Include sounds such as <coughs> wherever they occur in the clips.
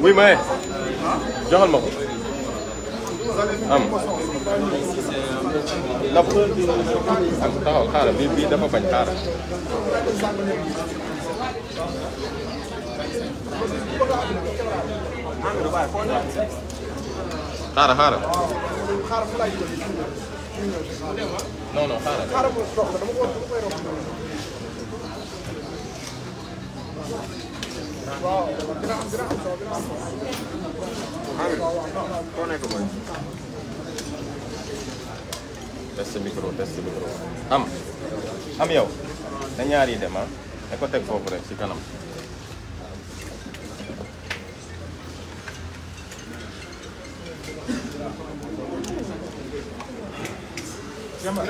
muy maye joxal ma ko ak taxaw xaaral bi bii dafa bañ xaaral xaaral xaaral. non non xaaral. test micro test micro am am yow na ñaar yi dem ah ne ko teg foofu rek ci kanam. waaw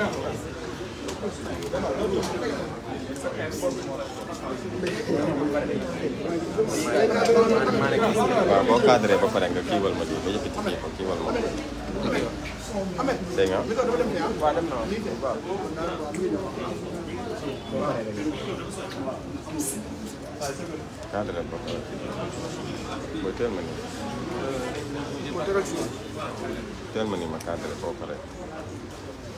boo cadré ba pare nga kiiwal ma lii ba yëkkati kii ko kiiwal ma lii. dégg nga. waaw naa ba pare mooy teel ma nii. teel ma nii ma pare.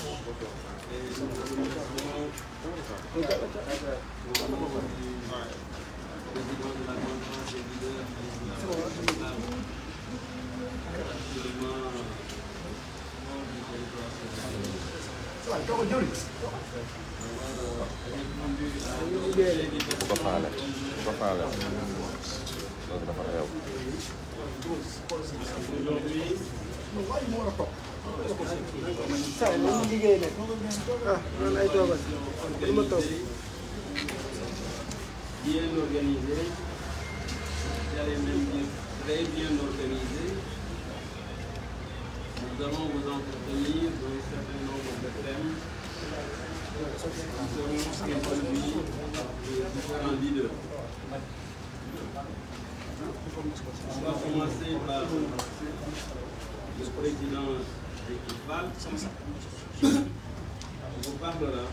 bu ko faale bu ko faale loolu dafa xew saa yi moom liggéey nag ah man ay toogal li ma toog. bien organisé j'allais même dire très bien organisé nous allons vous entretenir d'un certain nombre de thèmes qui seront introduits par différents leaders. On va commencer par le président. baal sama sax vous parlera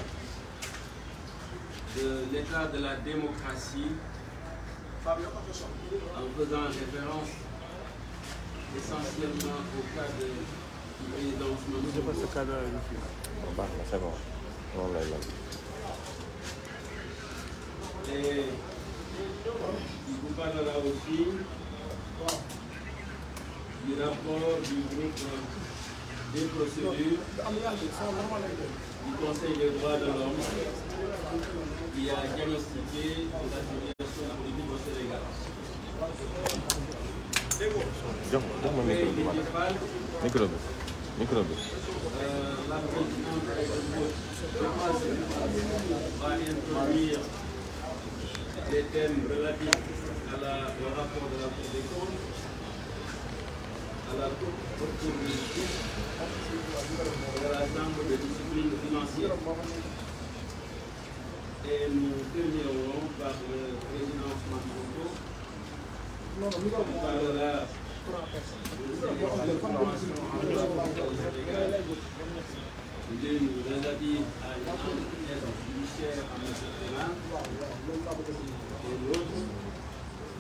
de l'état de la démocratie en faisant référence essentiellement au cas de du président Ousmane Sonko. Et il vous parlera aussi du rapport du groupe des procédures du Conseil des droits de l'homme qui a diagnostiqué la situation politique au Sénégal. Euh, la présidente va introduire les thèmes relatifs à la, au rapport de la Cour des comptes, à la Cour de la Chambre de discipline financière. Et nous terminerons par le président Ousmane Sonko. On parlera d'une relative à une enquête judiciaire en Méditerranée et l'autre,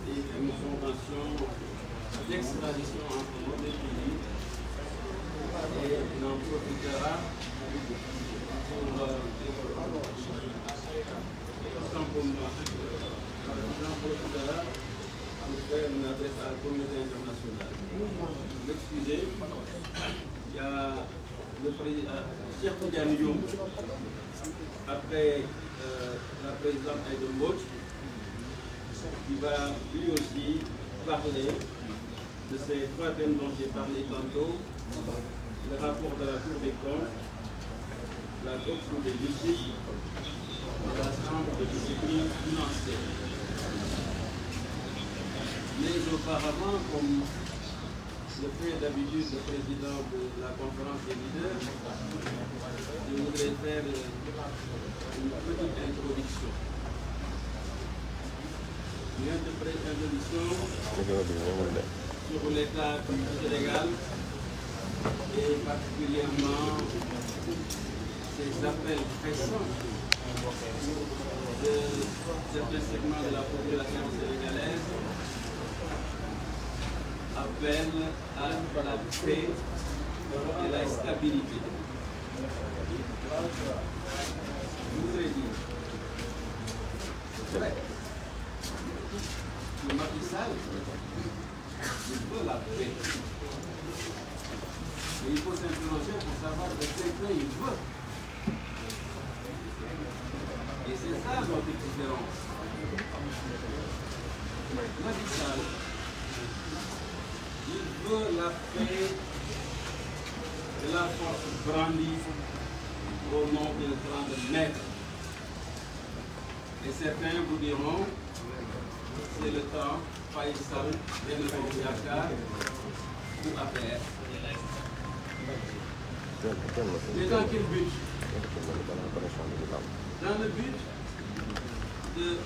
et une convention l'extradition entre nos deux pays et il en profitera pour euh, autant pour moi, il en profitera pour faire une adresse à la communauté internationale. Vous m'excusez, a le président Cheikh Tidiane Diom, après la présidente Aïda Mbodj, qui va parler de ces trois thèmes dont j'ai parlé tantôt, le rapport de la Cour des comptes, la Cour de justice et la Chambre de discipline financière. Mais auparavant, comme le fait d'habitude le président de la conférence des leaders, je une petite introduction. Une petite introduction. sur l'État du Sénégal et particulièrement ces appels pressants de certains segments de la population sénégalaise appellent à la paix et la stabilité. Je vous ai dit, le il veut la paix. Et il faut s'interroger pour savoir de quel paix il veut. Et c'est ça notre différence. Radical, il veut la paix de la force brandie au nom d'un grand maître. Et certains vous diront, c'est le temps Faye Sall benn bokk yaakaar bu affaire. mais dans quel but? dans le but de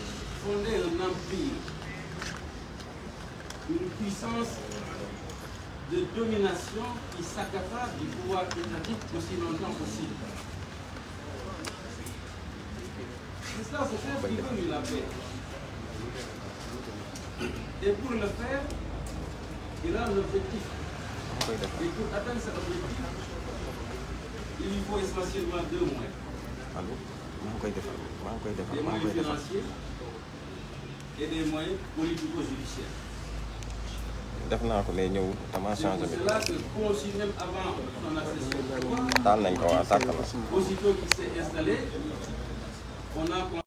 fonder un empire une puissance de domination qui s'accapare du pouvoir étatique aussi longtemps possible. C'est ça ce chef qui veut la paix. Et pour le faire, il a un objectif. Et pour atteindre cet objectif, il lui faut essentiellement deux moyens. Allô maa ngi koy defar maa ngi koy defar des moyens financiers et des moyens politico-judiciaires. def naa ko mais ñëw dama changé. c'est cela que conçu même avant son accession au pouvoir. taal nañ ko waaw tàkk na. aussitôt qu'il s'est installé on a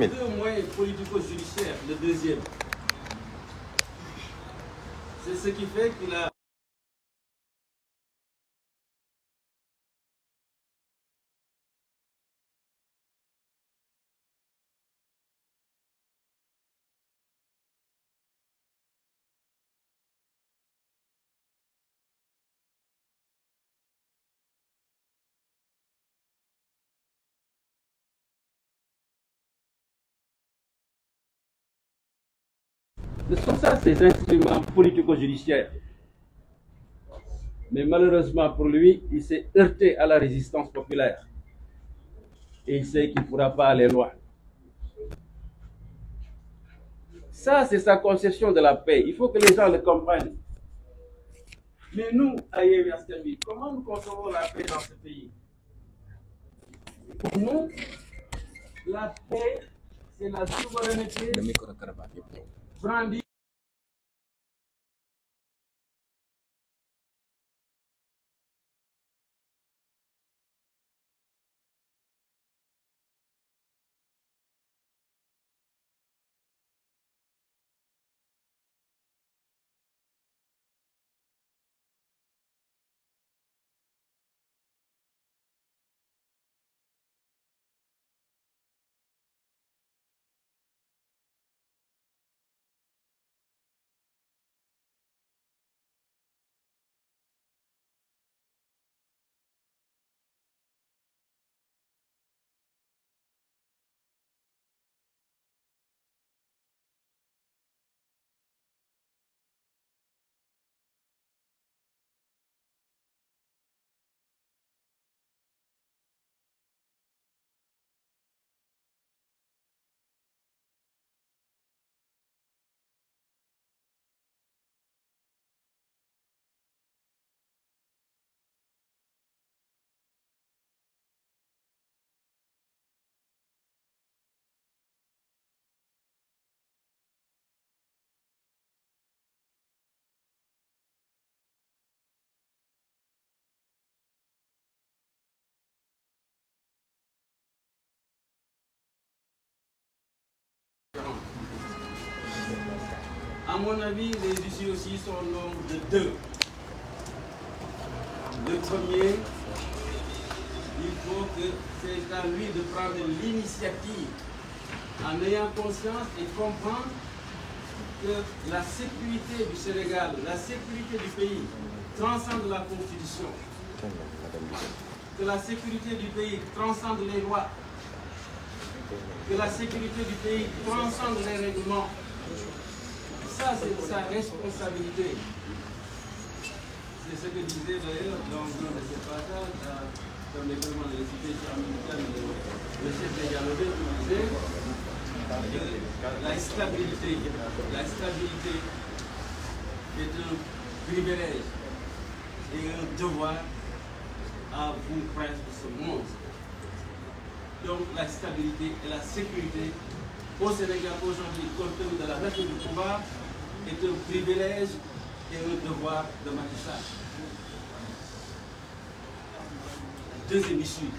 Deux moyens politico-judiciaires, le deuxième. C'est ce qui fait qu'il a... de sursaut ces instruments politico-judiciaires. Mais malheureusement pour lui, il s'est heurté à la résistance populaire. Et il sait qu'il ne pourra pas aller loin. c'est sa conception de la paix. Il faut que les gens le comprennent. Mais nous, à Yéviastemi, comment nous concevons la paix dans ce pays Pour la souveraineté. brandi à mon avis, les issues aussi sont au nombre de deux. Le premier, il faut que c'est à lui de prendre l'initiative en ayant conscience et comprendre que la sécurité du Sénégal, la sécurité du pays transcende la Constitution. la sécurité du pays transcende les lois. Que la sécurité du pays transcende les règlements. ça, c'est sa responsabilité. C'est ce que disait d'ailleurs dans un de ses passages, comme les gouvernements de l'équité militaire, le chef des Galopés qui disait la stabilité, la stabilité est un privilège et un devoir à vous, princes de monde. Donc la stabilité et la sécurité au Sénégal aujourd'hui, compte tenu de la nature du pouvoir, est un privilège et un devoir de Macky Deuxième issue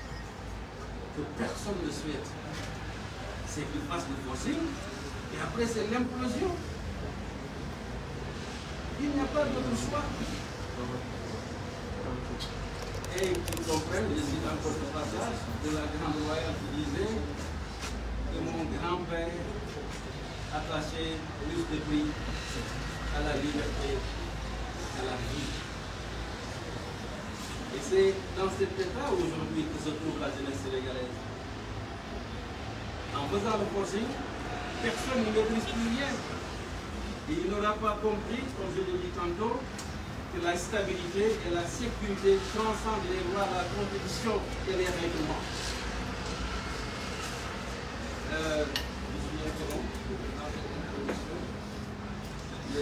que personne ne souhaite, c'est qu'il fasse le fossile et après c'est l'implosion. Il n'y a pas d'autre choix. Et qu'ils comprennent, de la grande royale qui disait que mon grand-père attacher plus de prix à la liberté, à la vie. Et c'est dans cet état aujourd'hui que se trouve la jeunesse sénégalaise. En faisant le forcing, personne ne maîtrise plus rien. il n'aura pas compris, comme je l'ai dit tantôt, que la stabilité et la sécurité transcendent les lois, la compétition et les règlements. Euh, je suis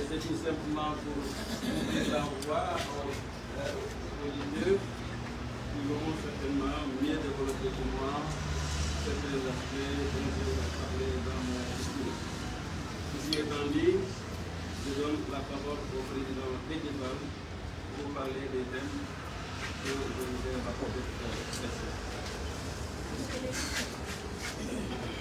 c'est tout simplement pour vous envoie aux leaders qui auront certainement mieux développé que moi certains aspects dont je vais parler dans mon discours. Ceci étant dit, je donne la parole au président Bédéval pour parler des thèmes que je vous ai rapportés tout à l'heure. Merci.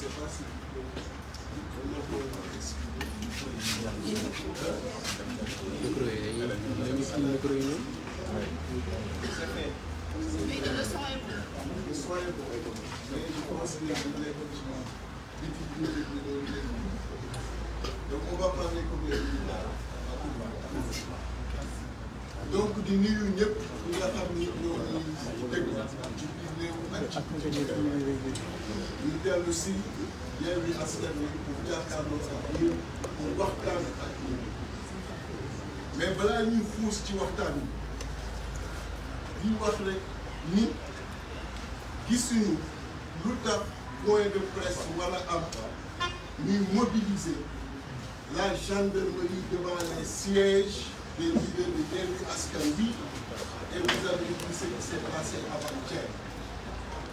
c'est pas si ci waxtaan bi di wax rek ni gisuñu lu tax point de wala am ñuy mobiliser la gendarmerie devant les sièges des leaders de Yewwi Askan Wi et vous avez vu ce qui s'est passé avant-hier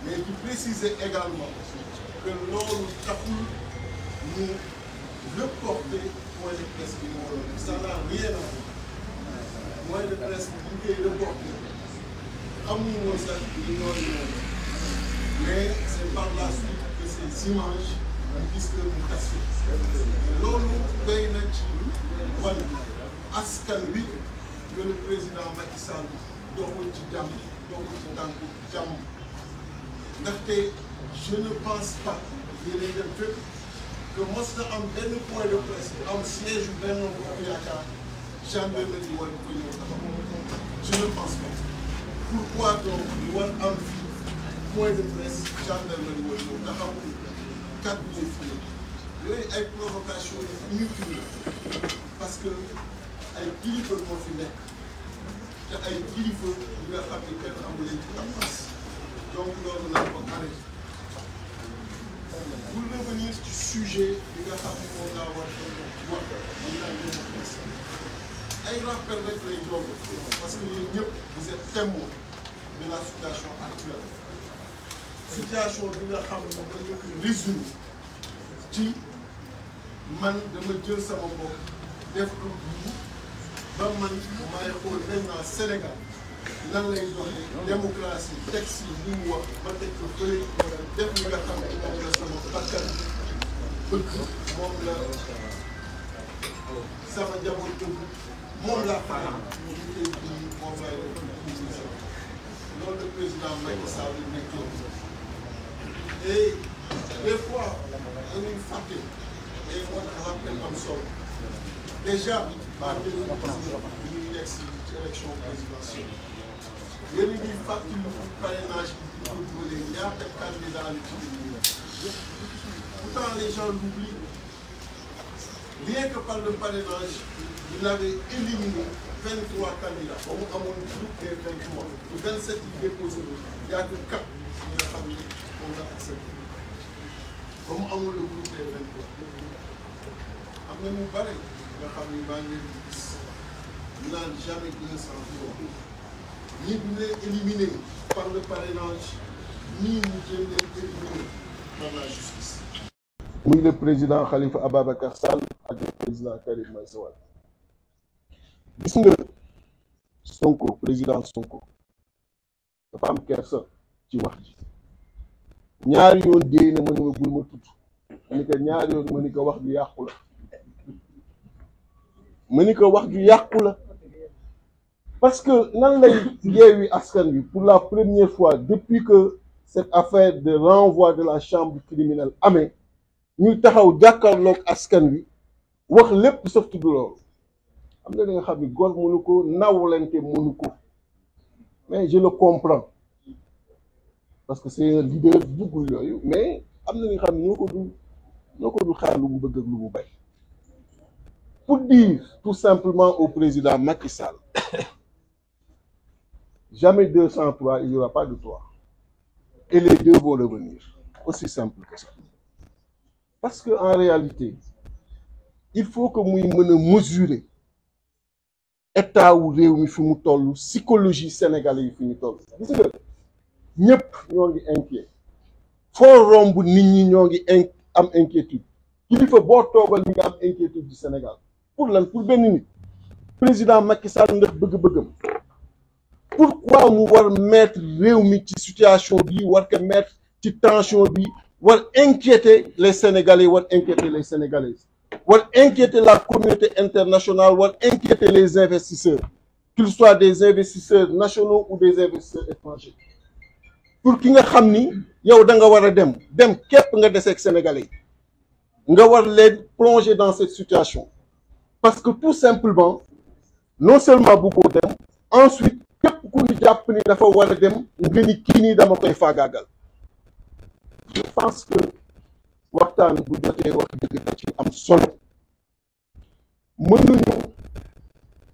mais di préciser également que loolu taxul ñu reporter point de bi moo loolu ça n'a rien à voir de presse bi ñu koy reporté xamuñu woon sax li ñooñu moom mais c' loolu béy na ci wan askan wi que président Macky Sall doxul ci jàmm doxul ndaxte je pense pas yéen a dem fépp que mos na am benn point de presse am siège benn bokk yaakaar. gendarmerie war ko ñëw taxaw je ne pense pas pourquoi donc ñu war am fii point de presse gendarmerie war ñëw taxaw quatre mille fii yooyu ay provocation yu inutile parce que ay kilifa moo fi nekk te ay kilifa yi nga xam ne kenn amu leen ci pas donc loolu laa ko arrêté pour revenir ci sujet bi nga xam ne moom laa war a wax mën naa ay rappel rek lay doon parce que yéen ñëpp vous êtes témoins bi nga xam moom dañu ko résoudre ci man dama jël sama bopp def ko ba man maay xool maintenant Sénégal lan lay doxee démocratie texte yi li mu wax ba teg ko bëri def li nga xam ne moom la sama bakkan bëgg moom la sama njaboot bëgg. moom laa ko am unité bii moo fay loolu le président Macky Sall nekkoon et des fois dañuy fàtte des fois rappel am solo déjà par deux mille dix ñuy nekk si ci élection présidentielle yéen a ngi fàttali parrainage bi ñu ko dugalee ñaata candidat la ci pourtant les gens l'oublient rien que par le parrainage il avait éliminé 23 candidats ba mu amoon groupe des 23 bu 27 yi déposé wu y a que 4 yi nga xam ne moom la accepté ba mu amoon le groupe des 23 am na mu bare nga xam ni maa ngi leen di gis ñu naan jamais 200 ñi bu ñu leen par le parrainage nii ñu jéem leen éliminé par la justice. muy le président Khalifa Ababacar Sall ak président Karim Meïssa gis nga Sonko président Sonko dafa am kersa ci wax ji ñaari yoon déy na ma ni ma bul tudd ma ni ko ñaari yoon ma ni ko wax ju yàqu la ni ko wax ju yàqu la parce que nan lay yeewi askan wi pour la première fois depuis que cette affaire de renvoi de la chambre criminelle amee ñu taxaw jàkkaarloog askan wi wax lépp sauf tudd loolu am na li nga xam ni góor mënu ko nawlante mënu ko mais je le comprends parce que c'est un leader buggul yooyu mais am na li xam ni ñoo ko dul ñoo ko dul xaar lu mu bëgg ak lu mu bay pour dire tout simplement au président Macky Sall <coughs> jamais deux sans trois il n'y aura pas de trois et les deux vont revenir aussi simple que ça parce que en réalité il faut que muy mën a mesurer état wu réew mi fi mu toll psychologie sénégalais yi fi ñu toll gis nga ñëpp ñoo ngi inquiet foo romb nit ñi ñoo ngi in am inquiétude kilifa boo toogal ñu ngi am inquiétude du Sénégal pour lan pour benn nit président Macky Sall bëgg-bëggam pourquoi mu war mettre réew mi ci situation bi war ko mettre ci tension bi war inquiéter les Sénégalais war inquiéter les Sénégalaises war inquiéter la communauté internationale war inquiéter les investisseurs qu'ils soient des investisseurs nationaux ou des investisseurs étrangers pour ki nga xam ni yow da nga war a dem dem képp nga deseeg sénégalais nga war leen plonger dans cette situation parce que tout simplement non seulement buggoo dem ensuite képp ku ñu jàpp ni dafa war dem nga ni kii nii dama koy faagaagal waxtaan bu jotee wax dëgg da ci am solo mënuñu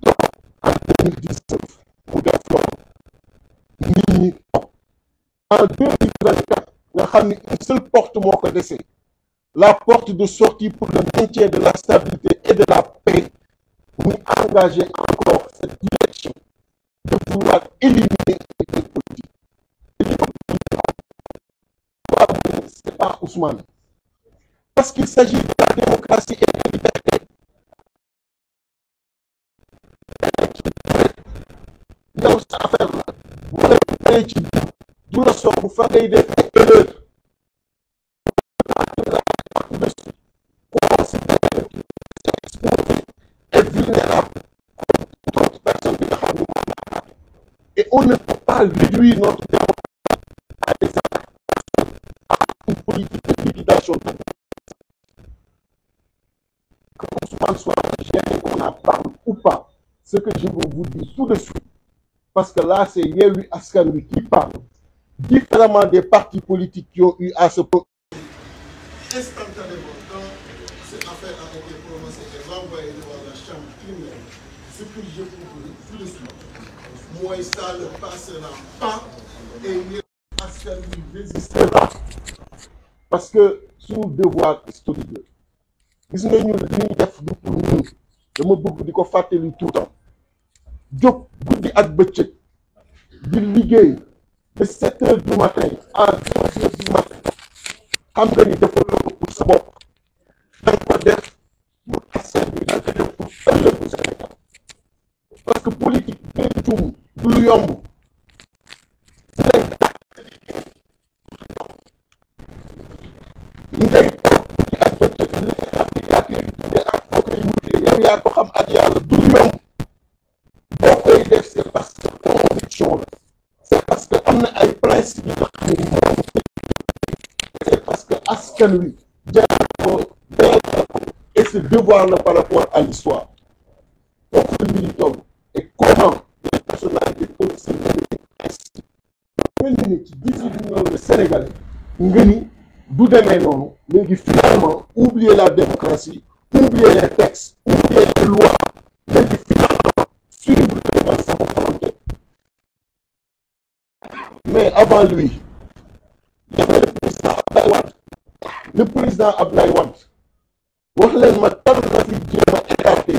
toog en deux mille dix en deux une seule porte moo ko dese la porte de sortie pour le maintien de la stabilité et de la paix muy engager encore cette direction de vouloir éliminer les politiques. c'est par Ousmane. parce qu'il s'agit de la démocratie et de la liberté. yow sa affaire la wala bu dee ci du la soobu fa ngay def ay erreur est vulnérable comme toute personne bi nga xam ne moom laa et on ne peut pas réduire notre ce que je vais vous dire tout de suite, parce que là, c'est Yehui Askanui qui parle, différemment des partis politiques qui ont à se... Instantanément, quand cette affaire a été prononcée et renvoyée devant la chambre criminelle, ce que je vous dis tout de suite, pas et Yehui Askanui résistera. Parce que suñu devoir historique la gis nga ñun def du pour ñun dama bëgg di ko fàttali tout temps jóg guddi ak bëccëg di liggéey de sept du matin à cinq heures du matin xam nga ni dafa lëkk pour sa bopp da nga ko def pour askan bi da nga parce que politique benn juum du lu yomb ngay toog guddi ak bëccëg li nga xam ne yaa koy dundee ak kooku yi askan wi jaar ko jaar et ce devoir là par rapport à l'histoire donc le mbir et comment les personnalités politiques ainsi de Sénégalais nga ni du demee noonu léegi finalement oublier la démocratie oublier les textes oublier les lois léegi finalement suivre vraiment sa volonté mais avant lui le président Abdoulaye Wade wax ma tan na fi jéem a écarté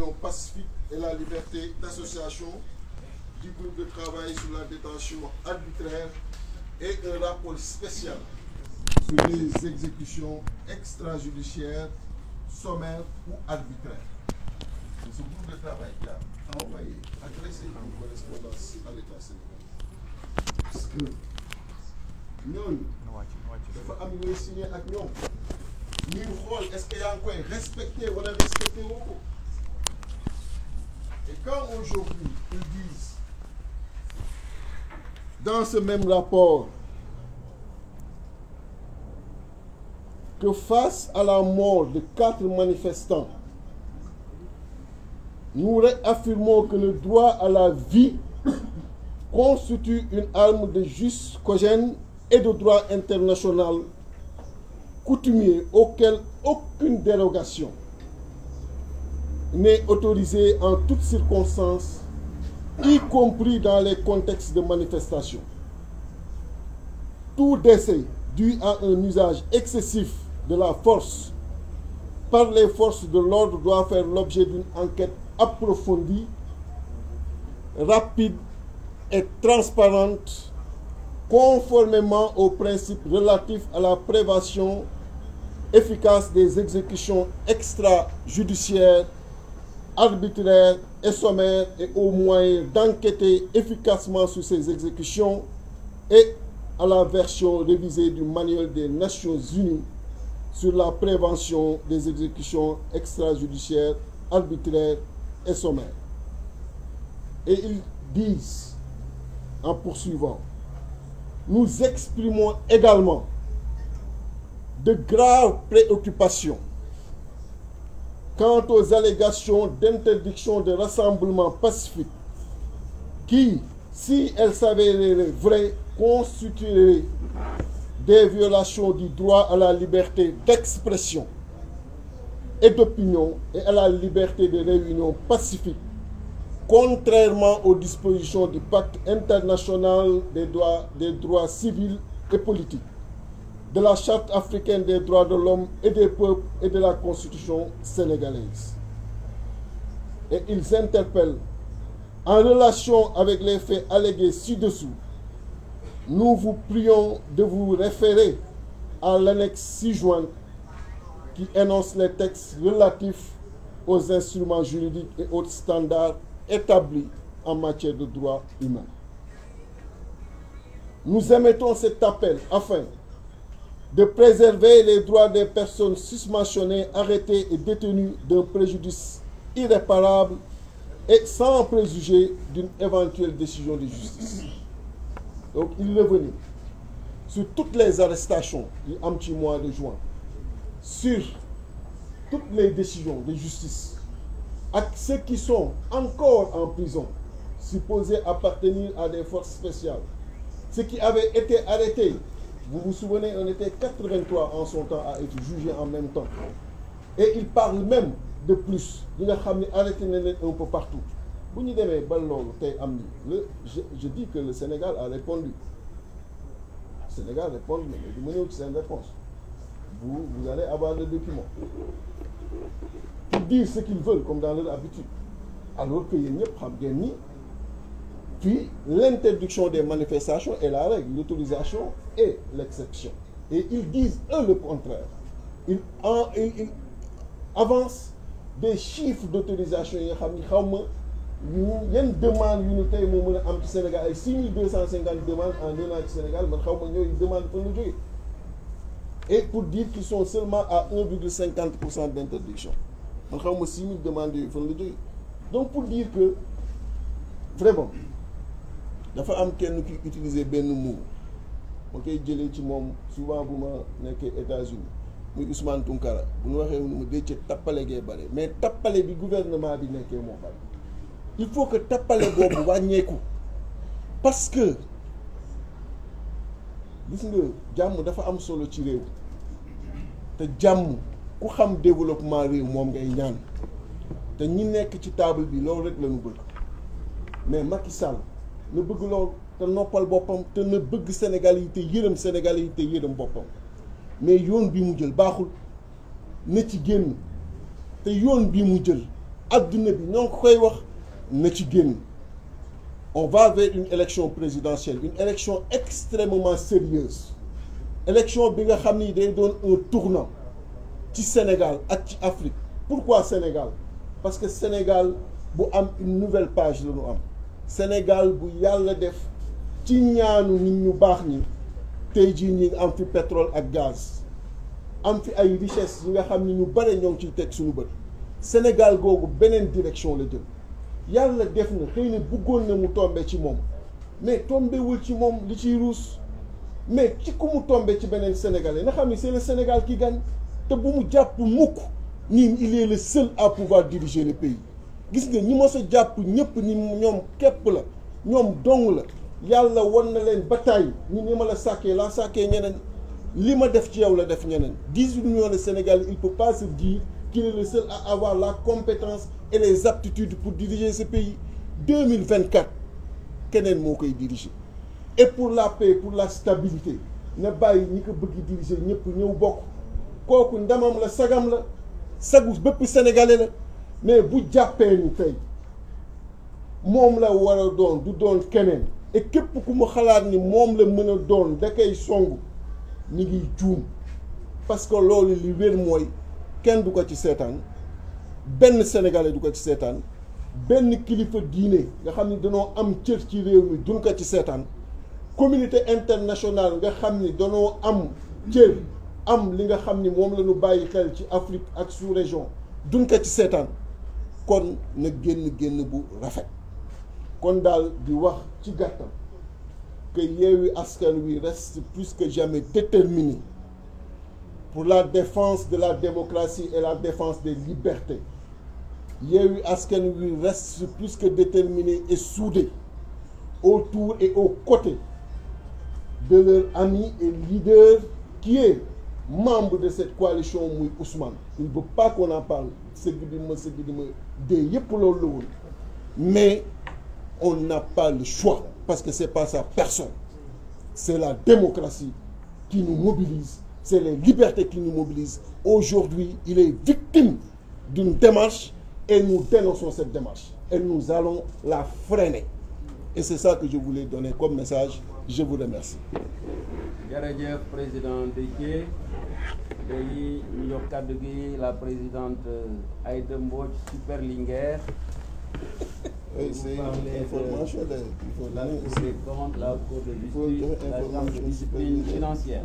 l'opinion pacifique et la liberté d'association du groupe de travail sur la détention arbitraire et un rapport spécial sur les exécutions extrajudiciaires, sommaires ou arbitraires. C'est ce de travail qui a envoyé, adressé une correspondance à l'État sénégalais. Parce que ñooñu dafa am ñooy signé ak ñoom ñuy xool est-ce que yaa ngi koy respecté wala respecté woo quand aujourd'hui, ils disent, dans ce même rapport, que face à la mort de quatre manifestants, nous réaffirmons que le droit à la vie <coughs> constitue une arme de juste cogène et de droit international coutumier auquel aucune dérogation n'est autorisé en toutes circonstances, y compris dans les contextes de manifestation. Tout décès dû à un usage excessif de la force par les forces de l'ordre doit faire l'objet d'une enquête approfondie, rapide et transparente, conformément aux principes relatifs à la prévention efficace des exécutions extrajudiciaires arbitraire et sommaire et au moyen d'enquêter efficacement sur ces exécutions et à la version révisée du manuel des Nations Unies sur la prévention des exécutions extrajudiciaires, arbitraires et sommaires. Et ils disent, en poursuivant, nous exprimons également de graves préoccupations quant aux allégations d'interdiction de rassemblement pacifique qui, si elles s'avéraient vraies, constitueraient des violations du droit à la liberté d'expression et d'opinion et à la liberté de réunion pacifique, contrairement aux dispositions du Pacte international des droits, des droits civils et politiques. de la Charte africaine des droits de l'homme et des peuples et de la Constitution sénégalaise. Et ils interpellent, en relation avec les faits allégués ci-dessous, nous vous prions de vous référer à l'annexe 6 jointe qui énonce les textes relatifs aux instruments juridiques et autres standards établis en matière de droits humains. Nous émettons cet appel afin de préserver les droits des personnes susmentionnées, arrêtées et détenues d'un préjudice irréparable et sans préjuger d'une éventuelle décision de justice. Donc il revenait sur toutes les arrestations du am ci mois de juin sur toutes les décisions de justice ak ceux qui sont encore en prison supposés appartenir à des forces spéciales ceux qui avaient été arrêtés Vous vous souvenez, on était 83 en son temps à être jugés en même temps. Et il parle même de plus. Il a arrêté un peu partout. Le, je, je dis que le Sénégal a répondu. Le Sénégal répond, mais vous donnez c'est une réponse. Vous, vous allez avoir le document. Pour dire ce qu'ils veulent, comme dans leur habitude. Alors que Yenyep, Puis, l'interdiction des manifestations est la règle, l'autorisation est l'exception. Et ils disent, eux, le contraire. Ils, en, ils, ils avancent des chiffres d'autorisation. Il y a une demande unité au Sénégal. Et 6250 demandes en un an Sénégal, ils demandent pour nous jouer. Et pour dire qu'ils sont seulement à 1,50% d'interdiction. Ils 6000 demandes pour nous jouer. Donc, pour dire que, vraiment, dafa am kenn ki utiliser benn mot ma koy jëlee ci moom souvent bu ma nekkee États-Unis muy Ousmane Tounkara bu ñu waxee mu décce tappale gee bare mais tappale bi gouvernement bi nekkee moo bare il faut que tappale boobu wàññeeku parce que gis nga jàmm dafa am solo ci réew te jàmm ku xam développement réew moom ngay ñaan te ñu nekk ci table bi loolu rek la ñu bëgg mais Macky Sall na bëgg loolu te noppal boppam te na bëgg Sénégal yi te yërëm Sénégal yi te yërëm boppam mais yoon bi mu jël baaxul na ci génn te yoon bi mu jël adduna bi ñoo koy wax na ci génn on va vers une élection présidentielle une élection extrêmement sérieuse élection bi nga xam ni day doon un tournant ci Sénégal ak ci Afrique pourquoi Sénégal parce que Sénégal bu am une nouvelle page la am Sénégal bu yàlla def ci ñaanu nit ñu baax ñi tey jii ñi am fi ak gaz am fi ay richesse yi nga xam ni ñu bare ñoo ci teg suñu bët Sénégal googu beneen direction la jëm yàlla def na xëy na bëggoon na mu tombe ci moom mais tombewul ci moom li ciy ruus mais ci ku mu tombe ci beneen Sénégalais na xam ni c'est le Sénégal qui gagne te bu mu jàpp mukk nii il est le seul à pouvoir diriger le pays gis nga ñi mos sa jàpp ñëpp ni ñoom képp la ñoom dong la yàlla won na leen bataay ñu ni ma la sàkkee laa sàkkee ñeneen li ma def ci yow la def ñeneen dix-huit millions de Sénégalais il peut pas se dire qu'il est le à avoir la compétence et les aptitudes pour diriger ce pays deux mille vingt-quatre keneen moo koy diriger et pour la paix pour la stabilité na bàyyi ñi ko bëgg diriger ñëpp ñëw bokk kooku ndamam la sagam la sagu bépp sénégalais la mais bu jàppee ni tey moom la war a doon du doon keneen et képp ku mu xalaat ni moom la mën a doon da koy song ñu ngi juum parce que loolu li wér mooy kenn du ko ci seetaan benn sénégalais du ko ci seetaan benn kilifa diine nga xam ni danoo am cër ci réew mi duñ ko ci seetaan communauté internationale nga xam ni danoo am cër am li nga xam ni moom la ñu bàyyi xel ci Afrique ak sous-région dun ko ci seetaan kon na génn génn bu rafet kon daal di wax ci gàttal que Yewwi Askan Wi reste plus que jamais déterminé pour la défense de la démocratie et la défense des libertés Yewwi Askan Wi reste plus que déterminé et soudé autour et aux côté de leur ami et leader qui membre de cette coalition muy Ousmane il ne veut pas parle sëgg bi ma sëgg du ma de yëpp loolu la woon mais on n'a pas le choix parce que c'est pas sa personne c'est la démocratie qui nous mobilise c'est les libertés qui nous mobilisent aujourd'hui il est victime d'une démarche et nous dénonçons cette démarche et nous allons la freiner et c'est ça que je voulais donner comme message je vous remercie. jërëjëf président Déthié léegi ñu jox kàddu gi la présidente Aïda Mbodj Super Linguère. oui c'est une information de il faut la comptes la cour de justice la chambre de discipline financière.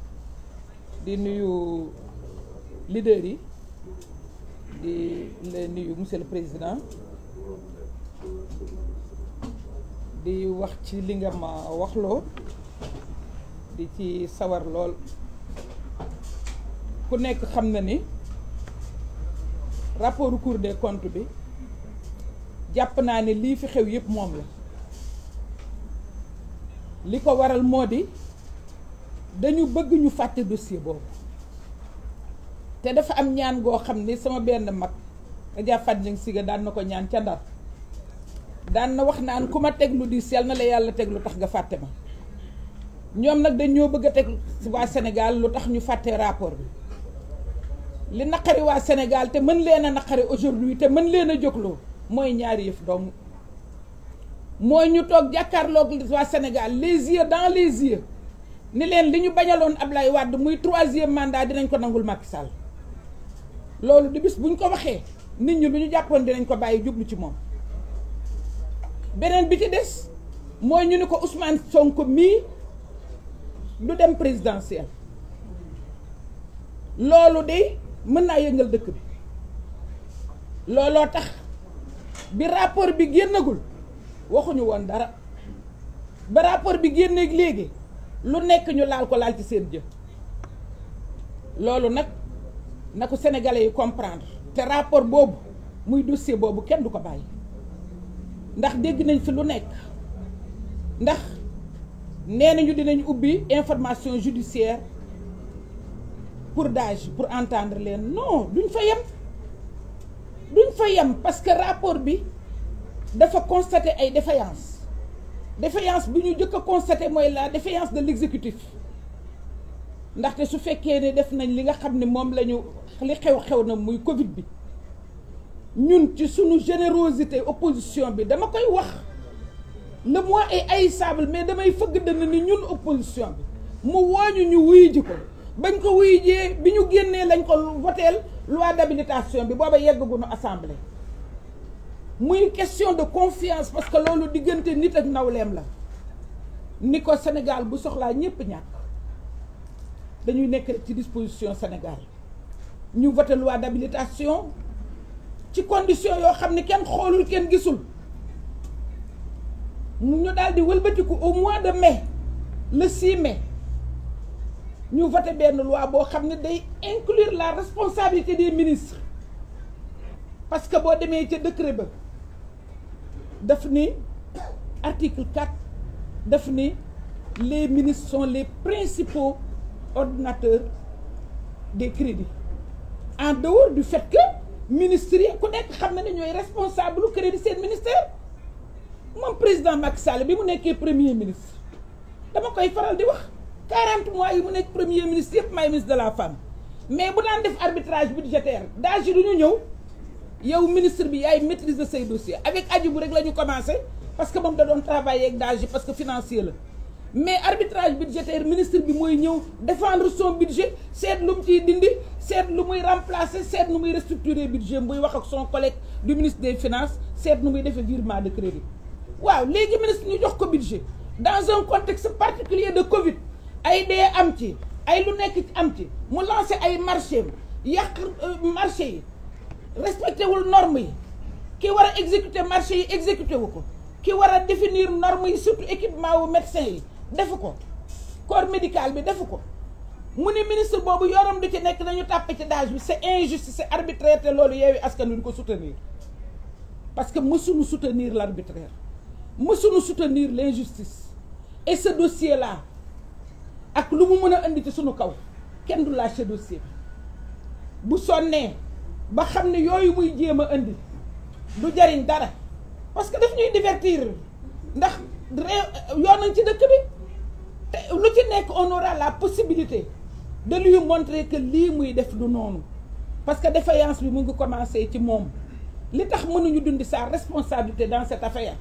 di nuyu leader yi di la nuyu monsieur le président di wax ci li nga ma waxloo di ci sawar lool ku nekk xam na ni rapport Cour de comptes bi jàpp naa ni lii fi xew yépp moom la li ko waral moo di dañu bëgg ñu fàtte dossier boobu te dafa am ñaan goo xam ni sama benn mag Adja Fatou Ndiang Siga daan na ko ñaan ca Ndar daan na wax naan ku ma teg lu di sel na la yàlla teg lu tax nga fàtte ma ñoom nag dañ ñoo bëgg a teg waa senegal lu tax ñu fàtte rapport bi li naqari waa senegal te mën leen a naqari aujourd'hui te mën leen a jógloo mooy ñaari yëf doomu mooy ñu toog jàkkaarloog waa senegal les yeux dans les yeux ni leen li ñu bañaloon Ablaye Wade muy troisième mandat dinañ ko nangul Macky loolu di bis buñ ko waxee nit ñi lu ñu jàppoon dinañ ko bàyyi jublu ci moom beneen bi ci des mooy ñu ni ko Ousmane Sonko mii du dem présidentiel loolu de mën naa yëngal dëkk bi looloo tax bi rapport bi génnagul waxuñu woon dara ba rapport bi génneeg léegi lu nekk ñu laal ko laal ci seen jë loolu nag na ko sénégalais yi comprendre te rapport boobu muy dossier boobu kenn du ko bàyyi ndax dégg nañ fi lu nekk ndax nee nañu dinañ ubbi information judiciaire pour dage pour entendre leen non duñ fa yem duñ fa yam parce que rapport bi dafa constater ay défaillance défaillance bi ñu jëkk a mooy la défaillance de l'exécutif ndaxte su fekkee ne def nañ li nga xam ne moom la ñu li xew-xew na muy Covid bi ñun ci suñu générosité opposition bi dama koy wax le mois ay haïssable mais damay fëgg dënn ni ñun opposition bi mu wooñu ñu wuyu ji ko bañ ko wuyu jee bi ñu génnee lañ ko voteel loi d'habilitation bi booba yegg gunu assemblée muy question de confiance parce que loolu diggante nit ak nawleem la ni ko Sénégal bu soxlaa ñëpp ñàkk dañuy nekk ci disposition Sénégal ñu voté loi d'habilitation ci condition yoo xam ne kenn xoolul kenn gisul ñu daal di ko au mois de mai le 6 mais ñu voté benn loi boo xam ne day inclure la responsabilité des ministres parce que boo demee ca décret ba dafa ni article 4 daf ni les ministres sont les principaux ordonnateurs des crédit en dehors du fait que ministres yi ku nekk xam na ne ñooy responsable lu crédit seen ministère moom président Macky Sall bi mu nekkee premier ministre dama koy faral di wax 40 mois yi mu nekk premier ministre yëpp maay ministre de la femme mais bu daan def arbitrage budgétaire daje du ñu ñëw. yow ministre bi yaay maîtriser say dossiers avec Hadjibou rek la ñu commencé parce que moom da doon travailler ak DAGE parce que financier la mais arbitrage budgétaire ministre bi mooy ñëw défendre son budget seet lu mu ciy dindi seet lu muy remplacer seet nu muy restructurer budget muy wax ak son collègue du ministre des finances seet nu muy defee virement de crédit waaw léegi ministre ñu jox ko budget dans un contexte particulier de Covid ay dee am ci ay lu nekk am ci mu lancé ay marché yàq euh, marché respecté wul norme yi ki war a exécuter marché yi exécuté wu ko ki war a définir norme yi surtout équipement wu médecin yi defu ko corps médical bi defu ko mu ni ministre boobu yoram du ci nekk nañu tàppe ci daaj bi c'est injuste c'est arbitraire te loolu yeewi askan wi du ko soutenir parce que mësuñu soutenir l'arbitraire mësuñu soutenir l'injustice et ce dossier là ak lu mu mën a indi ci suñu kaw kenn du lâcher dossier bi bu sonnee ba xam ne yooyu muy jéem a indi du jariñ dara parce que daf ñuy divertir ndax yoon nañ ci dëkk bi te lu ci nekk on aura la possibilité de lui montrer que lii muy def du noonu parce que défaillance bi mu ngi commencé ci moom li tax mënuñu dundi sa responsabilité dans cette affaire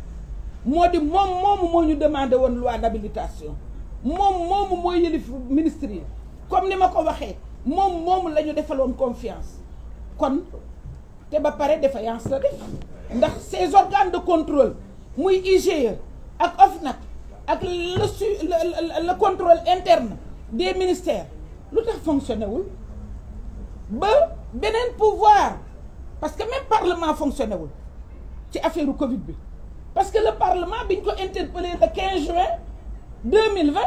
moo di moom moom moo ñu demandé woon loi d'habilitation moom moom moo yëlif ministre yi comme ni ma ko waxee moom moomu la ñu defaloon confiance kon te ba pare défaillance la def ndax ces organes de contrôle muy IGE ak OFNAC ak le su le contrôle interne des ministère lu tax fonctionné wul ba beneen pouvoir parce que même parlement fonctionné wul ci affaire Covid bi parce que le parlement bi ñu ko interpellé le 15 juin 2020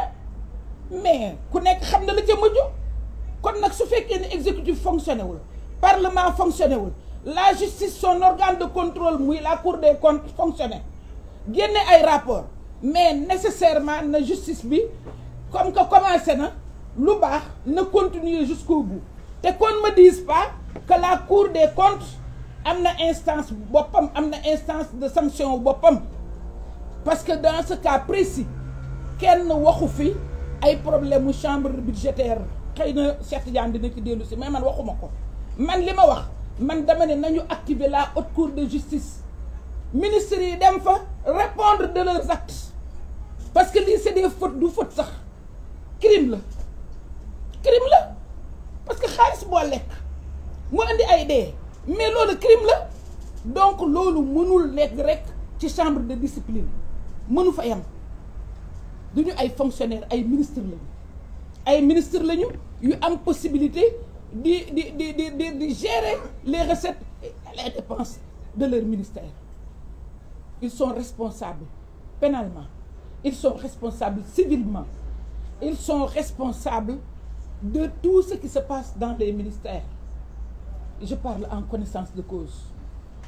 mais ku nekk xam na la ca mujj kon nag su fekkee ne exécutif fonctionné wul. parlement fonctionné wul la justice son organe de contrôle muy la cour des comptes fonctionné génne ay rapport mais nécessairement na justice bi comme que commencé na lu baax na continuer jusqu'au bout te qu'on me pas que la cour des comptes am na instance boppam am na instance de sanction boppam parce que dans ce cas précis kenn waxu fi ay problème mu chambre budgétaire xëy na Cheikh Tidiane dina ci dellu si mais man waxuma ko man li ma wax man dama ne nañu activer la haute cour de justice ministres yi dem fa répondre de leur actes parce que lii c'est des fautes du faute sax crime la crime la parce que xaalis boo lekk mu indi ay dee mais loolu crime la donc loolu mënul nekk rek ci chambre de discipline mënu fa yam du ñu ay fonctionnaires ay ministres lañu ay ministres lañu yu am possibilité di di di di di di gérer les recettes et les dépenses de leur ministère ils sont responsables pénalement ils sont responsables civilement ils sont responsables de tout ce qui se passe dans les ministères je parle en connaissance de cause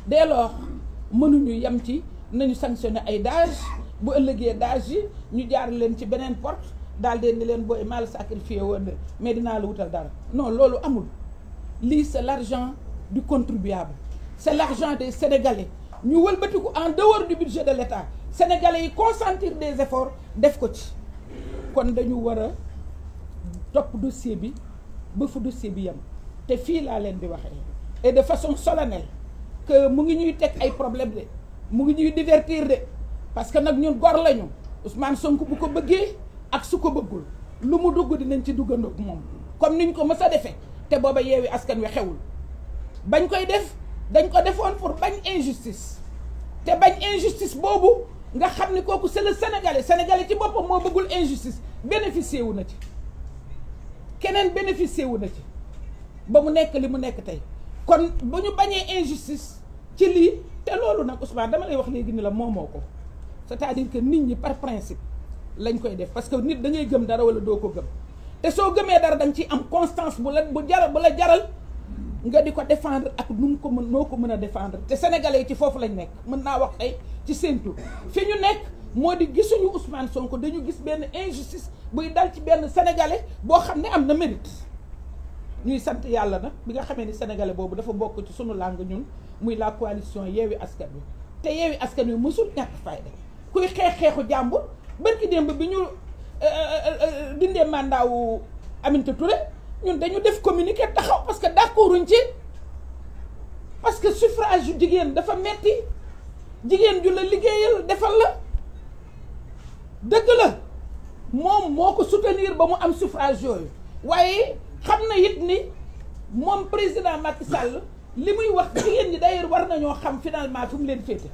dès lors mënuñu yem ci nañu sanctionner ay DAGE bu ëllëgee DAGE yi ñu jaar leen ci beneen porte daal de ni leen booy mal la sacrifié woon mais dinaa la wutal dara non loolu amul lii c'est l'argent du contribuable c'est l'argent des sénégalais ñu wëlbatiku en dehors du budget de l'État sénégalais yi consentir des efforts def ko ci kon dañu war a topp dossier bi ba fu dossier bi yem te fii laa leen di waxee et de façon solennelle que mu ngi ñuy teg ay problème de mu ngi ñuy divertir de parce que nag ñun gor lañu Ousmane Sonko bu ko bëggee ak su ko bëggul lu mu dugg dinañ ci duggandoog moom comme niñ ko mës a defee te booba yeewi askan wi xewul bañ koy def dañ ko defoon pour bañ injustice te bañ injustice boobu nga xam ni kooku c'est le sénégalais sénégalais ci boppam moo bëggul injustice bénéficier wu na ci keneen bénéficier wu na ci ba mu nekk li mu nekk tey kon ba ñu bañee injustice ci lii te loolu nag Ousmane dama lay wax léegi ni la moomoo ko c'est-à-dire que nit ñi par principe lañ koy def parce que nit da jëm dara wala doo ko gëm te soo gëmee dara da nga ciy am constance bu la bu jaral bu la jaral nga di ko défendre ak nu ko mën noo ko mën a défendre te sénégalais yi ci foofu lañ nekk mën naa wax tey ci seen tur fi ñu nekk moo di gisuñu Ousmane ko dañu gis benn injustice buy dal ci benn sénégalais boo xam ne am na mérite ñuy sant yàlla nag bi nga xamee ni sénégalais boobu dafa bokk ci suñu làng ñun muy la coalition yeewi askan wi te yeewi askan wi mësul ñàkk fayda kuy xeex xeexu jàmbur bërki démb bi ñu dindee euh, euh, euh, mandat wu Aminata Touré ñun dañu def communiqué taxaw parce que d'accorduñ ci parce que suffrage yu jigéen dafa metti jigéen ju la liggéeyal defal la dëgg la moom moo ko soutenir ba mu am suffrage yooyu waaye xam na it ni moom président Macky Sall li muy wax jigéen ñi d'ailleurs war nañoo xam finalement fi mu leen féete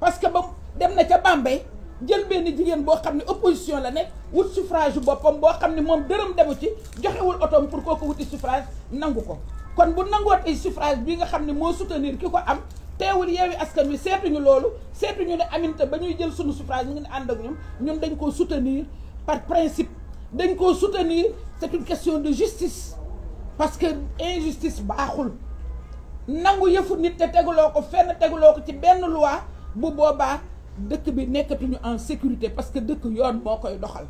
parce que ba dem na ca Bambey jël benn jigéen boo xam ne opposition la nekk wut suffrage yu boppam boo xam ne moom dërëm demu ci joxewul otoom pour kooku wuti suffrage nangu ko kon bu nangoot ay suffrage bi nga xam ne moo soutenir ki ko am teewul yeewi askan wi seetuñu loolu seetu ñu ne Aminata ba ñuy jël sunu suffrage ñu ngi ànd ak ñoom ñun dañ koo soutenir par principe dañ koo soutenir c'est une question de justice parce que injustice baaxul nangu yëfu nit te teguloo ko fenn teguloo ko ci benn loi bu boobaa dëkk bi nekkatuñu en sécurité parce que dëkk yoon moo koy doxal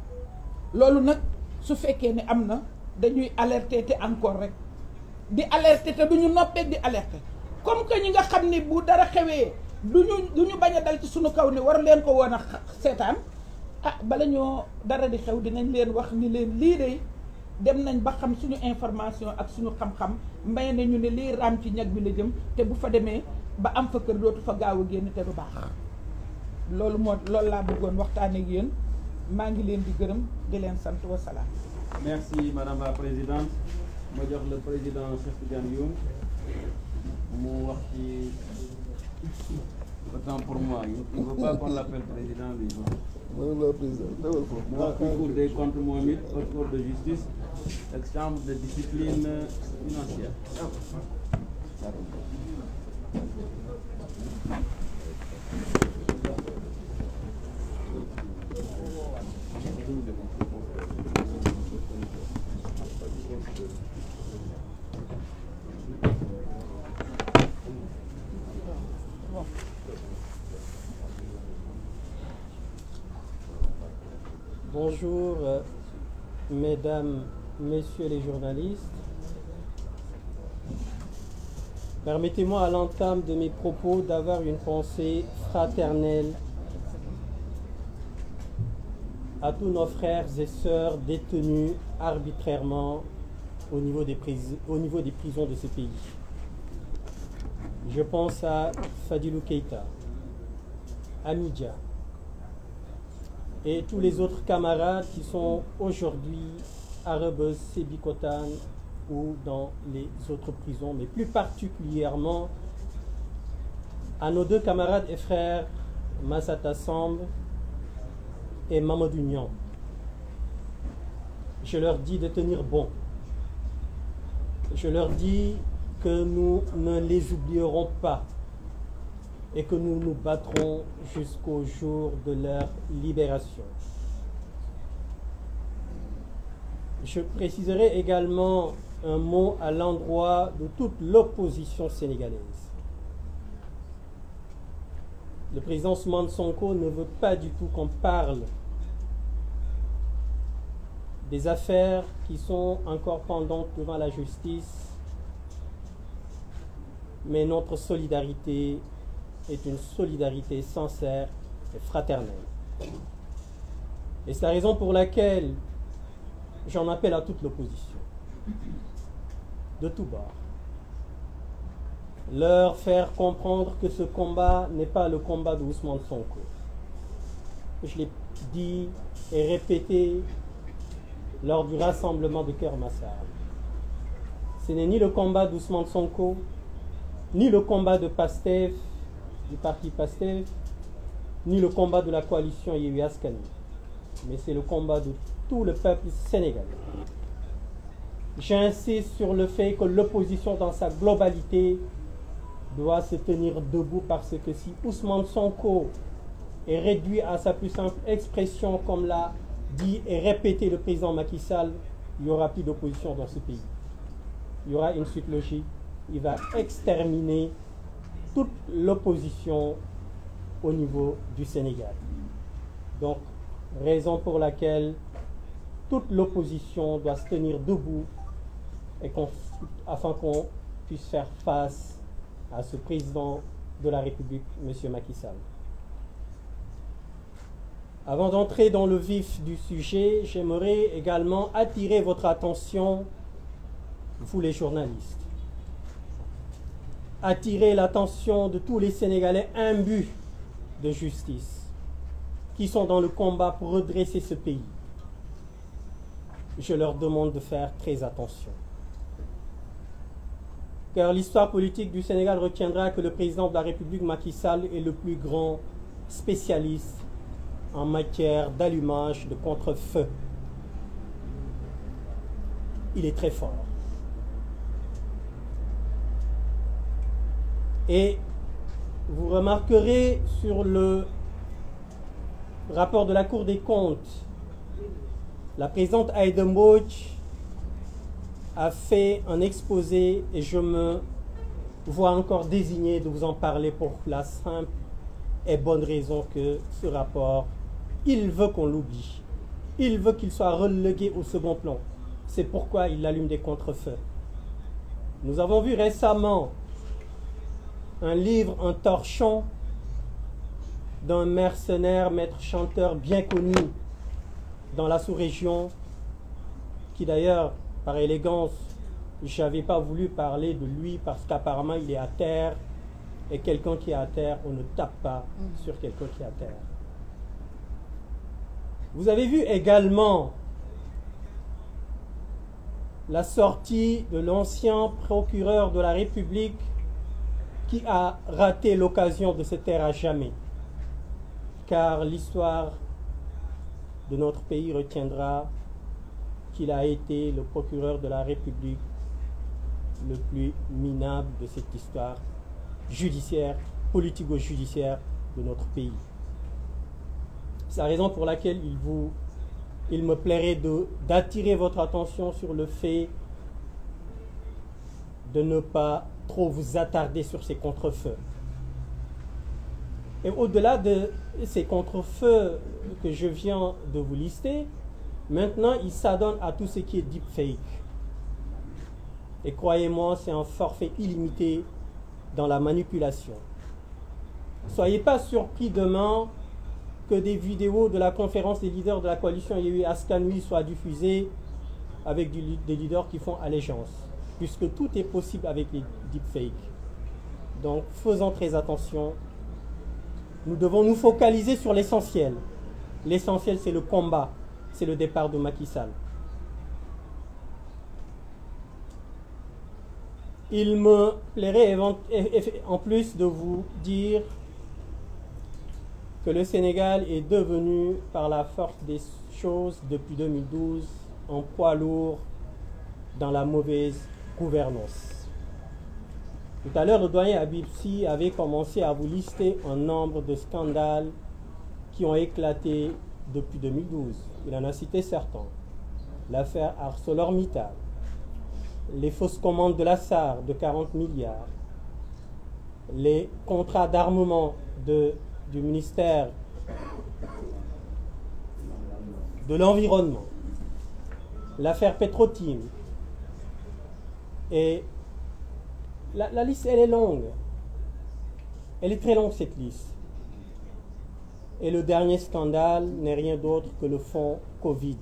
loolu nag su fekkee ne am na dañuy alerter te encore rek di alerter te du ñu noppee di alerter comme que ñi nga xam ne bu dara xewee ñu duñu ñu bañ a dal ci suñu kaw ne war leen ko woon a seetaan ah bala ñoo dara di xew dinañ leen wax ni leen lii dey dem nañ ba xam suñu information ak suñu xam-xam may nañu ne lii raam ci ñag bi la jëm te bu fa demee ba am fa kër dootu fa gaaw a génn te loolu moo loolu laa bëggoon waxtaan ak yéen maa ngi leen di gërëm di leen sant wasalaam. merci madame la président ma jox le président Cheikh Tidiane mu wax ci autant pour moi il ne faut pas qu'on l'appelle président bi. madame mu wax ci cour des comptes moom it haute cour de justice ak chambre de discipline financière. Bonjour, euh, mesdames, messieurs les journalistes. Permettez-moi à l'entame de mes propos d'avoir une pensée fraternelle à tous nos frères et sœurs détenus arbitrairement au niveau des, pris au niveau des prisons de ce pays. Je pense à Fadilou Keita, Amidja, et tous les autres camarades qui sont aujourd'hui à Rebeuss, Sébikotane ou dans les autres prisons, mais plus particulièrement à nos deux camarades et frères Massata Samb et Mamadou Niang. Je leur dis de tenir bon. Je leur dis que nous ne les oublierons pas. et que nous nous battrons jusqu'au jour de leur libération. Je préciserai également un mot à l'endroit de toute l'opposition sénégalaise. Le président Ousmane Sonko ne veut pas du tout qu'on parle des affaires qui sont encore pendantes devant la justice, mais notre solidarité est une solidarité sincère et fraternelle. Et c'est la raison pour laquelle j'en appelle à toute l'opposition, de tous bords. Leur faire comprendre que ce combat n'est pas le combat de Ousmane Sonko. Je l'ai dit et répété lors du rassemblement de Kermassar. Ce n'est ni le combat d'Ousmane Sonko, ni le combat de Pastef, du parti PASTEF, ni le combat de la coalition Yehui Askani, mais c'est le combat de tout le peuple sénégalais. J'insiste sur le fait que l'opposition dans sa globalité doit se tenir debout parce que si Ousmane Sonko est réduit à sa plus simple expression, comme l'a dit et répété le président Macky Sall, il n'y aura plus d'opposition dans ce pays. Il y aura une suite logique. Il va exterminer toute l'opposition au niveau du Sénégal. Donc, raison pour laquelle toute l'opposition doit se tenir debout et qu afin qu'on puisse faire face à ce président de la République, M. Macky Sall. Avant d'entrer dans le vif du sujet, j'aimerais également attirer votre attention, vous les journalistes, attirer l'attention de tous les Sénégalais imbus de justice qui sont dans le combat pour redresser ce pays. Je leur demande de faire très attention. Car l'histoire politique du Sénégal retiendra que le président de la République Macky Sall est le plus grand spécialiste en matière d'allumage de contre-feu. Il est très fort. Et vous remarquerez sur le rapport de la Cour des comptes, la présidente Heidenboch a fait un exposé et je me vois encore désigné de vous en parler pour la simple et bonne raison que ce rapport, il veut qu'on l'oublie. Il veut qu'il soit relégué au second plan. C'est pourquoi il allume des contrefeux. Nous avons vu récemment un livre, un torchon d'un mercenaire, maître chanteur bien connu dans la sous-région, qui d'ailleurs, par élégance, j'avais pas voulu parler de lui parce qu'apparemment il est à terre et quelqu'un qui est à terre, on ne tape pas mm. sur quelqu'un qui est à terre. Vous avez vu également la sortie de l'ancien procureur de la République qui a raté l'occasion de se taire à jamais, car l'histoire de notre pays retiendra qu'il a été le procureur de la République le plus minable de cette histoire judiciaire, politico-judiciaire de notre pays. C'est la raison pour laquelle il, vous, il me plairait d'attirer votre attention sur le fait de ne pas trop vous attarder sur ces contrefeux. Et au-delà de ces contrefeux que je viens de vous lister, maintenant il s'adonne à tout ce qui est deepfake. Et croyez-moi, c'est un forfait illimité dans la manipulation. Soyez pas surpris demain que des vidéos de la conférence des leaders de la coalition Yehui Askanui soient diffusées avec des leaders qui font allégeance. puisque tout est possible avec les deepfakes. Donc faisons très attention. Nous devons nous focaliser sur l'essentiel. L'essentiel, c'est le combat, c'est le départ de Macky Sall. Il me plairait en plus de vous dire que le Sénégal est devenu, par la force des choses depuis un en poids lourd dans la mauvaise gouvernance. Tout à l'heure, le doyen Abipsi avait commencé à vous lister un nombre de scandales qui ont éclaté depuis 2012. Il en a cité certains. L'affaire ArcelorMittal, les fausses commandes de la SAR de 40 milliards, les contrats d'armement du ministère de l'Environnement, l'affaire Et la, la liste, elle est longue. Elle est très longue, cette liste. Et le dernier scandale n'est rien d'autre que le fonds Covid.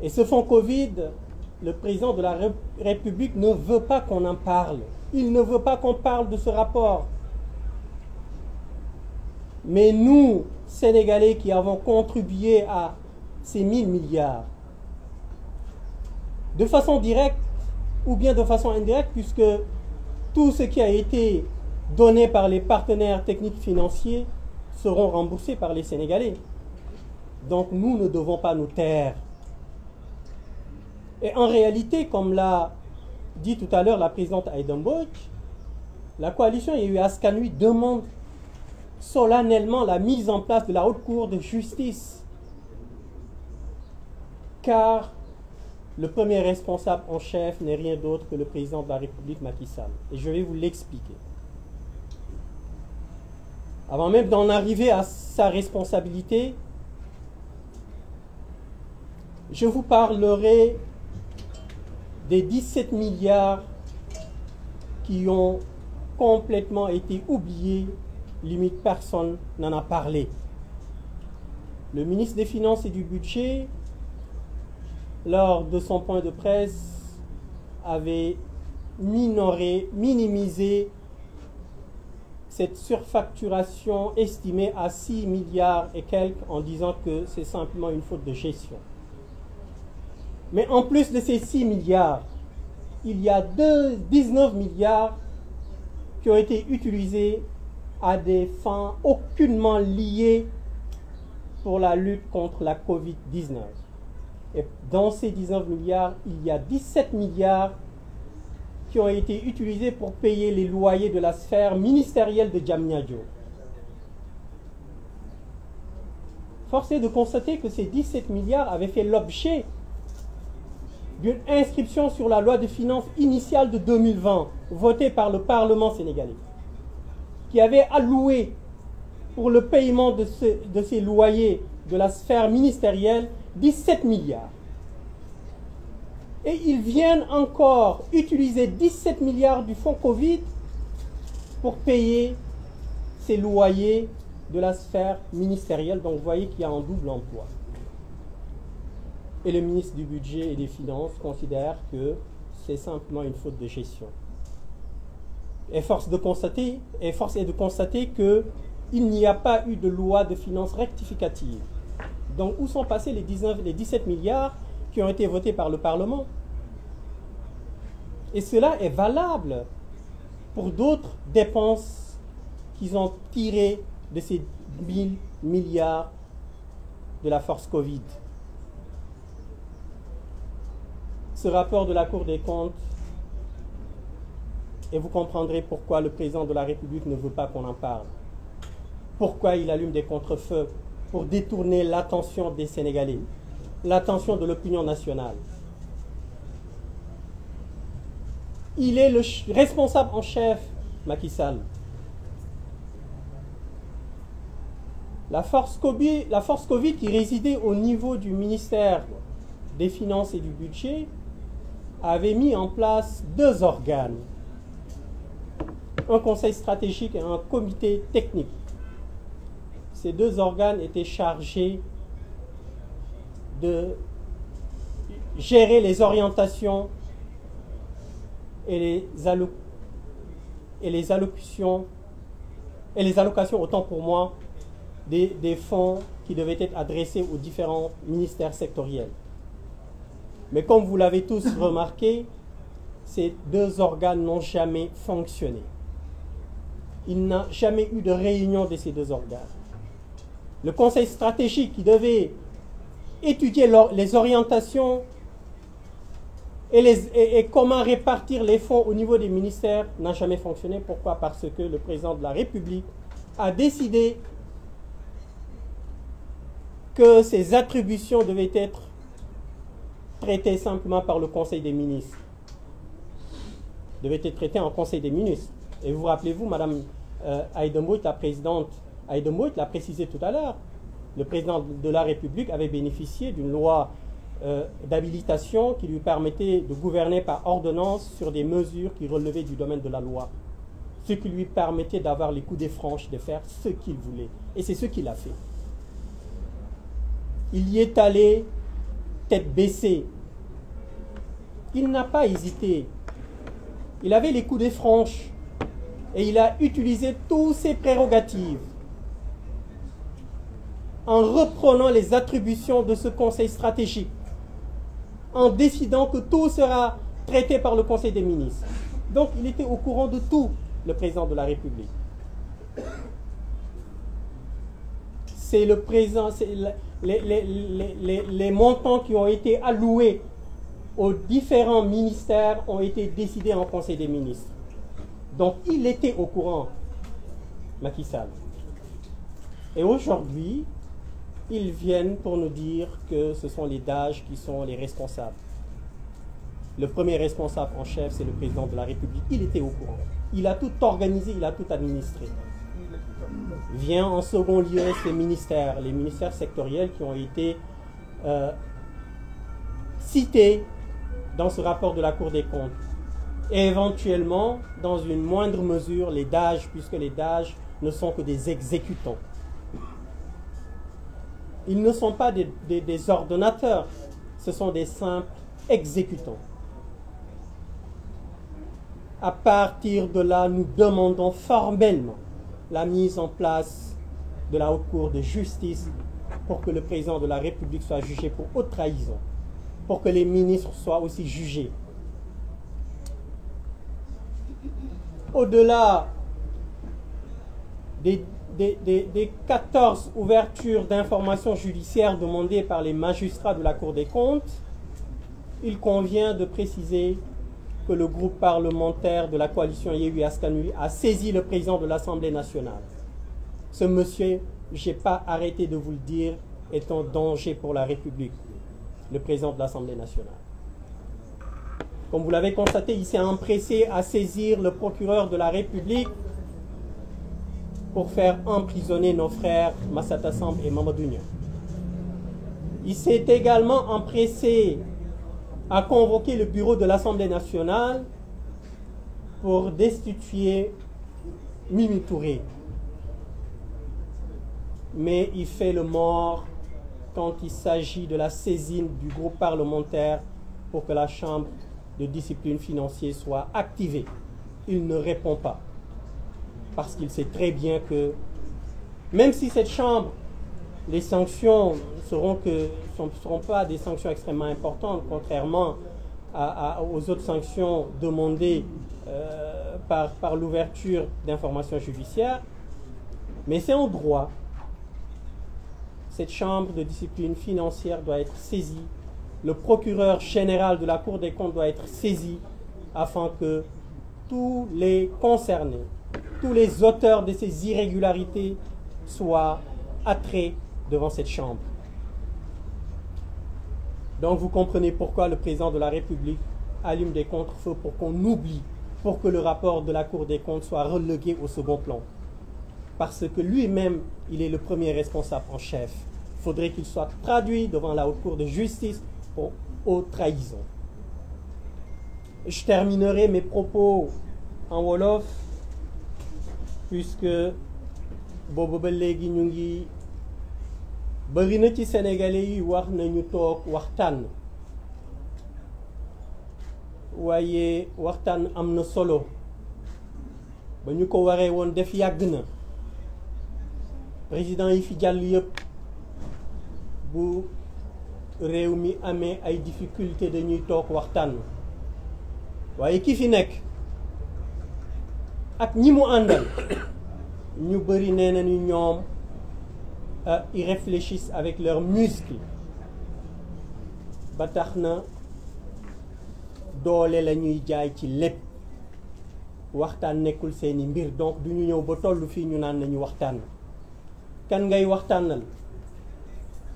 Et ce fonds Covid, le président de la République ne veut pas qu'on en parle. Il ne veut pas qu'on parle de ce rapport. Mais nous, Sénégalais qui avons contribué à ces 1000 milliards, de façon directe, ou bien de façon indirecte, puisque tout ce qui a été donné par les partenaires techniques financiers seront remboursés par les Sénégalais. Donc nous ne devons pas nous taire. Et en réalité, comme l'a dit tout à l'heure la présidente Aidenbock, la coalition eu Askanui demande solennellement la mise en place de la haute cour de justice. Car Le premier responsable en chef n'est rien d'autre que le président de la République, Macky Sall. Et je vais vous l'expliquer. Avant même d'en arriver à sa responsabilité, je vous parlerai des 17 milliards qui ont complètement été oubliés, des Finances lors de son point de presse, avait minoré, minimisé cette surfacturation estimée à 6 milliards et quelques en disant que c'est simplement de gestion. Mais en plus de ces 6 milliards, il y a 2, 19 milliards à des fins aucunement liées la lutte contre la COVID-19. Et dans ces 19 milliards, il y a 17 milliards pour payer les de la sphère ministérielle de Djamnyadjo. de constater que ces 17 milliards avaient fait l'objet d'une sur la loi de finances initiale de 2020, votée par le Parlement sénégalais, qui avait alloué pour le paiement de, de ces loyers de la sphère ministérielle 17 milliards. Et ils viennent encore utiliser 17 milliards du fonds Covid pour payer ces loyers de la sphère ministérielle. Donc vous voyez qu'il y a un double emploi. Et le ministre du Budget et des Finances considère que c'est simplement une faute de gestion. Et force, de constater, et force est de constater qu'il n'y a pas eu de loi de finances rectificative Donc où sont passés les, 19, les 17 milliards qui ont été votés par le Parlement Et cela est valable pour d'autres dépenses qu'ils ont tirées de ces 1000 milliards de la force Covid. Ce rapport de la Cour des comptes, et vous comprendrez pourquoi le président de la République ne veut pas qu'on en parle, pourquoi il allume des contre pour détourner l'attention des Sénégalais, l'attention de l'opinion nationale. Il est le responsable en chef, Macky Sall. La force, COVID, la qui résidait au niveau du ministère des Finances et du Budget avait mis en place deux organes, un conseil stratégique et un comité technique. ces deux organes étaient chargés de gérer les orientations et les, allo et les allocutions et les allocations, autant pour moi, des, des fonds qui devaient être adressés aux différents ministères sectoriels. Mais comme vous l'avez tous <laughs> remarqué, ces deux organes n'ont jamais fonctionné. Il n'a jamais eu de réunion de ces deux organes. le conseil stratégique qui devait étudier les orientations et, les, et, et, comment répartir les fonds au niveau des ministères n'a jamais fonctionné. Pourquoi Parce que le président de la République a décidé que ces attributions devaient être traitées simplement par le Conseil des ministres. Devaient être traitées en Conseil des ministres. Et vous rappelez-vous, Madame euh, Aydembout, la présidente Aïda l'a précisé tout à l'heure, le président de la République avait bénéficié d'une loi euh, d'habilitation qui lui permettait de gouverner par ordonnance sur des mesures qui relevaient du domaine de la loi, ce qui lui permettait d'avoir les coups des franches, de faire ce qu'il voulait. Et c'est ce qu'il a fait. Il y est allé tête baissée. Il n'a pas hésité. Il avait les coups des franches et il a utilisé tous ses prérogatives en reprenant les attributions de ce conseil stratégique, en décidant que tout sera traité par le conseil des ministres. Donc il était au courant de tout, le président de la République. C'est le président, les, les, les, les, montants qui ont été alloués aux différents ministères ont été décidés en conseil des ministres. Donc il était au courant, Macky Sall. Et aujourd'hui, ils viennent pour nous dire que ce sont les DAGE qui sont les responsables. Le premier responsable en chef, c'est le président de la République. Il était au courant. Il a tout organisé, il a tout administré. Vient en second lieu ces ministères, les ministères sectoriels qui ont été euh, cités dans ce rapport de la Cour des comptes. Et éventuellement, dans une moindre mesure, les DAGE, puisque les DAGE ne sont que des exécutants. Ils ne sont pas des, des, des ordonnateurs, ce sont des simples exécutants. À partir de là, nous demandons formellement la mise en place de la Haute Cour de justice pour que le président de la République soit jugé pour haute trahison, pour que les ministres soient aussi jugés. Au-delà des des, des, des 14 ouvertures d'informations judiciaires demandées par les magistrats de la Cour des comptes, il convient de préciser que le groupe parlementaire de la coalition Yehui Askanui a saisi le président de l'Assemblée nationale. Ce monsieur, je n'ai pas arrêté de vous le dire, est en danger pour la République, le président de l'Assemblée nationale. Comme vous l'avez constaté, il s'est empressé à saisir le procureur de la République pour faire emprisonner nos frères Massata Samb et Mamadou Niang. Il s'est également empressé à convoquer le bureau de l'Assemblée nationale pour destituer Mimi Touré. Mais il fait le mort quand il s'agit de la saisine du groupe parlementaire pour que la Chambre de discipline financière soit activée. Il ne répond pas. parce qu'il sait très bien que même si cette Chambre, les sanctions seront que ne seront pas des sanctions extrêmement importantes, contrairement à, à, aux autres sanctions demandées euh, par, par l'ouverture d'informations judiciaires, mais c'est en droit. Cette chambre de discipline financière doit être saisie. Le procureur général de la Cour des comptes doit être saisi afin que tous les concernés tous les auteurs de ces irrégularités soient attraits devant cette Chambre. Donc vous comprenez pourquoi le président de la République allume des contre pour qu'on oublie, pour que le rapport de la Cour des comptes soit relégué au second plan. Parce que lui-même, il est le premier responsable en chef. Faudrait qu'il soit traduit devant la Haute Cour de justice pour haute Je terminerai mes propos en Wolof puisque boobu ba léegi ñu ngi bëri na ci sénégalais yi wax nañu toog waxtaan waaye waxtaan am na solo ba ñu ko waree woon def yàgg na président yi fi jàll yépp bu réew mi amee ay difficulté dañuy toog waxtaan waaye ki fi nekk ak ñi mu àndal ñu bari nee nañu ñoom euh, ils réfléchissent avec leurs muscles ba tax na doole la ñuy jaay ci lépp waxtaan nekkul seeni mbir donc duñu ñëw ba toll fii ñu naan nañu waxtaan kan ngay waxtaanal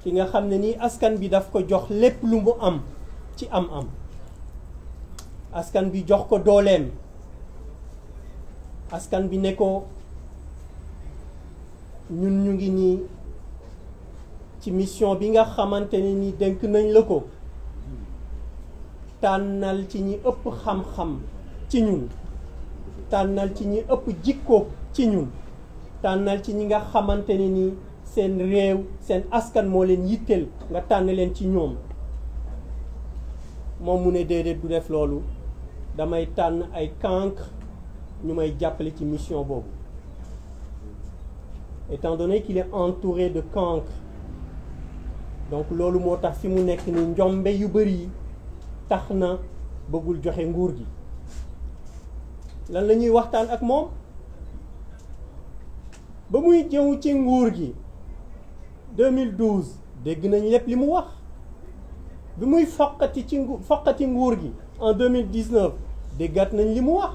ki nga xam ne nii askan bi daf ko jox lépp lu mu am ci am-am askan bi jox ko dooleem askan bi ne ko ñun ñu ngi nii ci mission bi nga xamante ne ni dénk nañ la ko tànnal ci ñi ëpp xam-xam ci ñun tànnal ci ñi ëpp jikko ci ñun tànnal ci ñi nga xamante ne ni seen réew seen askan moo leen yitteel nga tànn leen ci ñoom moom mu ne déedéet du def loolu damay tànn ay cancre ñu may jàppale ci mission boobu étant donné qu'il est entouré de cancre donc loolu moo tax si mu nekk ni njombe yu bëri yi tax na bëggul joxe nguur gi lan la ñuy waxtaan ak moom ba muy jëw ci nguur gi 2012 dégg nañ lépp li mu wax bi muy foqati ci foqati nguur gi en 2019 déggaat nañ li mu wax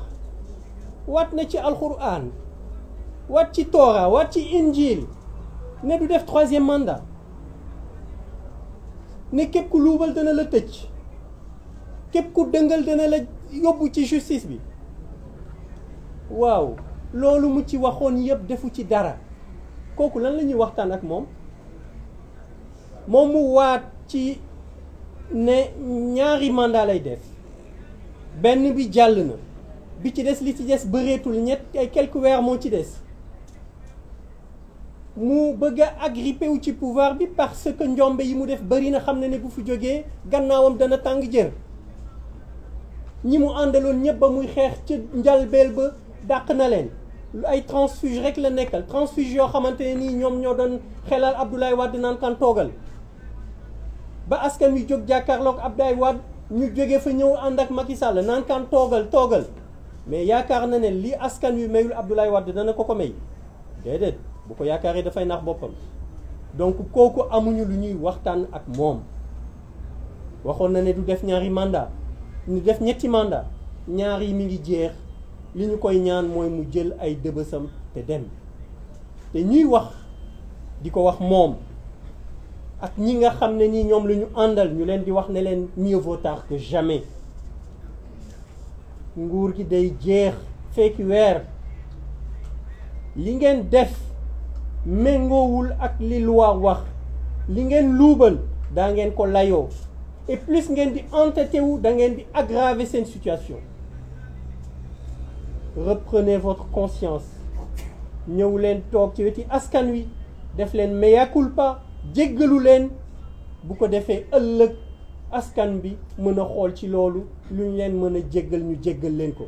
waat na ci alxuraan waat ci toora waat ci injil ne du def troisième mandat ne képp ku luubal dana la tëj képp ku dëngal dana la yóbbu ci justice bi waaw loolu mu ci waxoon yëpp defu ci dara kooku lan la ñuy waxtaan ak moom moom mu waat ci ne ñaari mandat lay def benn bi jàll na bi ci des li ci des bëreetul ñett ay quelques weer moo ci des mu bëgg a agrippé wu ci pouvoir bi parce que njombe yi mu def bëri na xam na ne bu fi jógee gannaawam dana tàng jër ñi mu àndaloon ñëpp ba muy xeex ca njalbeel ba dàq na leen lu ay transfuge rek la nekkal transfuge yoo xamante ne nii ñoom ñoo doon xelaal Abdoulaye Wade naan kan toogal ba askan wi jóg jàkkaarloog Abdoulaye Wade ñu jóge fa ñëw ànd ak Macky Sall naan kan toogal toogal mais yaakaar na ne li askan wi mayul Abdoulaye Wade dana ko ko may déedéet bu ko yaakaaree dafay naax boppam donc kooku amuñu lu ñuy waxtaan ak moom waxoon na ne du def ñaari mandat ñu def ñetti mandat ñaari yi mi ngi jeex li ñu koy ñaan mooy mu jël ay dëbësam te dem te ñuy wax di ko wax moom ak ñi nga xam ne nii ñoom lu ñu àndal ñu leen di wax ne leen mieux vaut tard que jamais nguur gi day jeex fekki weer li ngeen def méngoowul ak li loi wax li ngeen luubal daa ngeen ko layoo et plus ngeen di entêté dangeen da ngeen di aggraver seen situation reprenez votre conscience ñëw leen toog ci weti askan wi def leen mea culpa jéggalu leen bu ko defee ëllëg askan bi mën a xool ci loolu lu ñu leen mën a jéggal ñu jéggal leen ko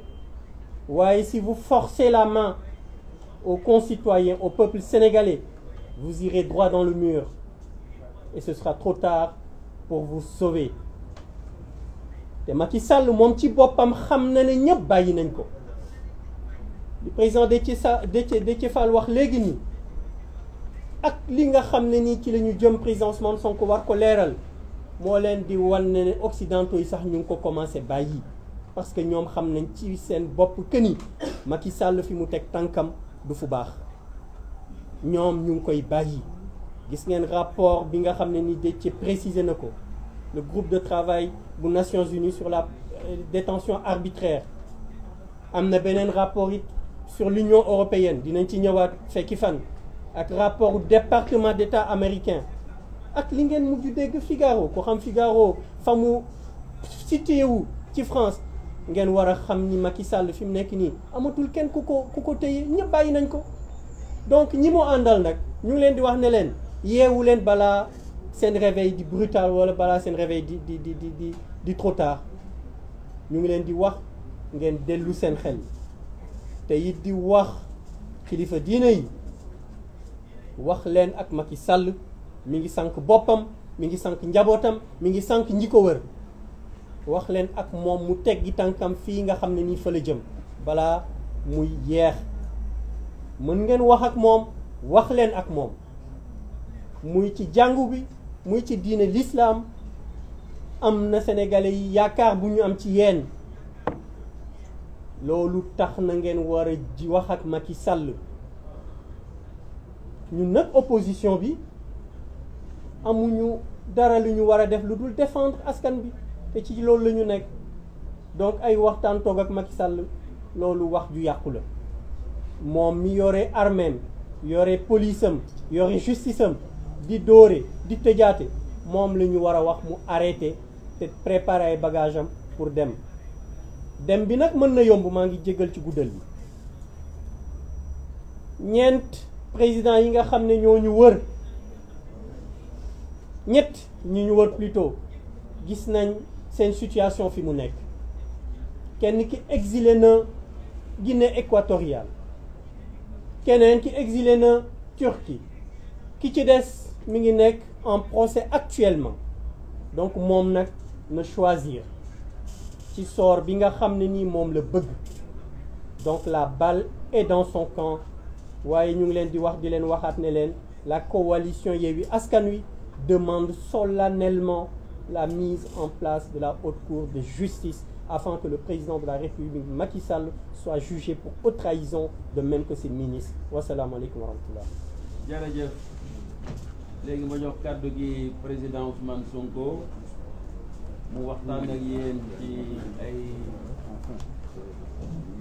waaye si vous forcez la main aux concitoyens au peuple sénégalais vous irez droit dans le mur et ce sera trop tard pour vous sauver te Macky Sall moom ci boppam xam na ne ñëpp bàyyi nañ ko le président Déthié Sa Déthié Fall wax léegi nii ak li nga xam ne nii ci la ñu jëm président Ousmane Sonko war ko leeral moo leen di wan ne occidentaux yi sax ñu ngi ko commencé bàyyi parce que ñoom xam nañ ci seen bopp këni Macky Sall fi mu teg tànkam du fu baax ñoom ñu ngi koy bàyyi gis ngeen rapport bi nga xam ne ni Déthié précisé na ko le groupe de travail bu Nations Unies sur la euh, détention arbitraire am na beneen rapport it sur lu l'Union européenne dinañ ci ñëwaat fekki fan ak rapport département d'État américain ak li ngeen mujj dégg Figaro ko xam Figaro fa mu situé wu ci France ngeen war a xam ni Macky sàll fi mu nekk nii amatul kenn ku ko ku ko téye ñëpp bàyyi nañ ko. donc ñi mu àndal nag ñu leen di wax ne leen yeewu leen balaa seen réveil di brutal wala balaa seen réveil di di di di di trop ñu ngi leen di wax ngeen dellu seen xel te it di wax kilifa diine yi wax leen ak Macky sàll mi ngi sànq boppam mi ngi sànq njabootam mi ngi sànq ñi ko wër wax ak moom mu teggi tànkam fii nga xam ne nii fa jëm balaa muy yeex mën ngeen wax ak moom wax leen ak moom muy ci jàngu bi muy ci diine lislaam am na sénégalais yi yaakaar bu ñu am ci yéen loolu tax na ngeen war ji wax ak Macky sàll ñun nag opposition bi amuñu dara lu ñu war a def lu dul défendre askan bi te ci loolu la ñu nekk donc ay waxtaan toog ak Macky Sall loolu wax ju yàqu la moom mi yore armeem yore police am yore justice di dóore di tëjaate moom la ñu war a wax mu arrêté te préparer ay bagage am pour dem dem bi nag mën na yomb maa ngi jégal ci guddal bi ñeent président yi nga xam ne ñoo ñu wër ñett ñi ñu wër plutôt gis nañ seen situation fi mu nekk kenn ki exilé na Guinée équatoriale keneen ki exile na Turquie ki ci des mu ngi nekk en procès actuellement donc moom nag na choisir ci sort bi nga xam ne nii moom la bëgg donc la ball est dans son camp waaye ñu ngi leen di wax di leen waxaat ne leen la coalition Yewwi Askan Wi demande solennellement la mise en place de la haute cour de justice afin que le président de la République Macky Sall soit jugé pour haute trahison de même que ses ministres wasalaamu aleykum wa rahmatullah jërëjëf léegi ma jox kàddu gi président Ousmane Sonko mu waxtaan ci ay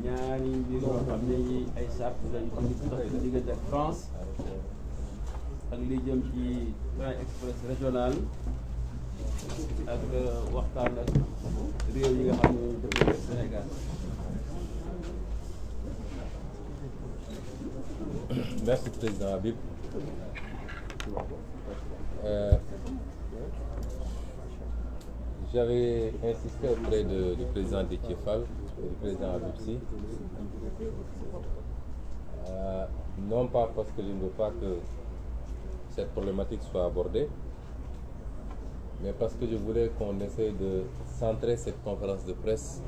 ñaari mbir yoo ay sart lañ ko tax diggante ak France ak li jëm ci train express régional ak euh, waxtaan ak réew yi nga xam ne dëkk Sénégal merci président Habib euh, j'avais insisté auprès de, du président Déthié Fall et du président Habib Sy euh, non pas parce que je ne cette problématique soit abordée, mais parce que je voulais qu'on essaie de centrer cette conférence de presse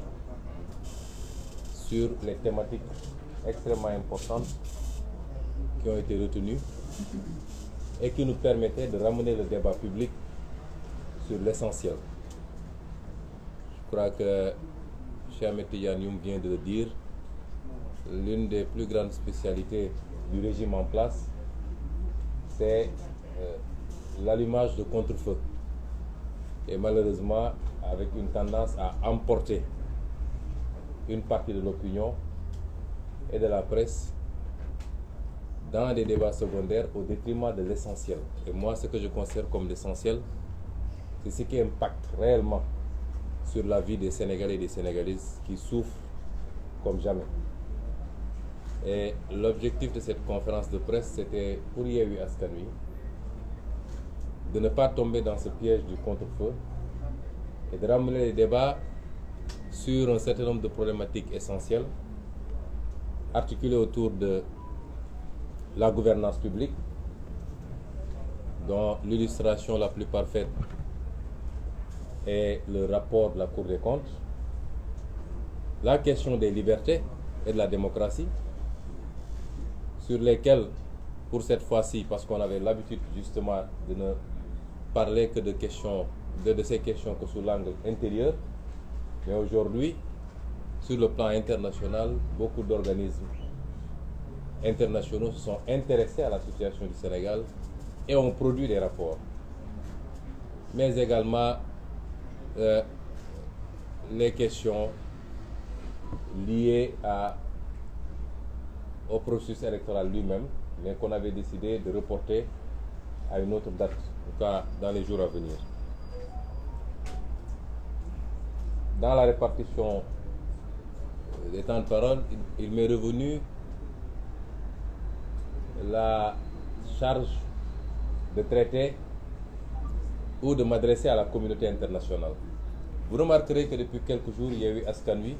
sur les thématiques extrêmement importantes qui ont été retenues et qui nous permettaient de ramener le débat public sur l'essentiel. Je crois que Ahmed Yanium vient de le dire, l'une des plus grandes spécialités du régime en place, c'est euh, l'allumage de contre-feu. Et malheureusement, avec une tendance à emporter une partie de l'opinion et de la presse dans des débats secondaires au détriment de l'essentiel. Et moi, ce que je considère comme l'essentiel, c'est ce qui impacte réellement sur la vie des Sénégalais et des Sénégalaises qui souffrent comme jamais. et l'objectif de cette conférence de presse c'était pour Yewwi Askan Wi de ne pas tomber dans ce piège du contre-feu et de ramener les débats sur un certain nombre de problématiques essentielles articulées autour de la gouvernance publique dont l'illustration la plus parfaite est le rapport de la Cour des comptes, la question des libertés et de la démocratie sur lesquels, pour cette fois-ci, parce qu'on avait l'habitude justement de ne parler que de questions, de, de ces questions que sous l'angle intérieur, mais aujourd'hui, sur le plan international, beaucoup d'organismes internationaux se sont intéressés à la situation du Sénégal et ont produit des rapports. Mais également euh, les questions liées à au processus électoral lui-même, mais qu'on avait décidé de reporter à une autre date, dans les jours à venir. Dans la répartition euh, des temps de parole, il, il m'est revenu la charge de traiter ou de m'adresser à la communauté internationale. Vous remarquerez que depuis quelques jours, il y a eu Askanui,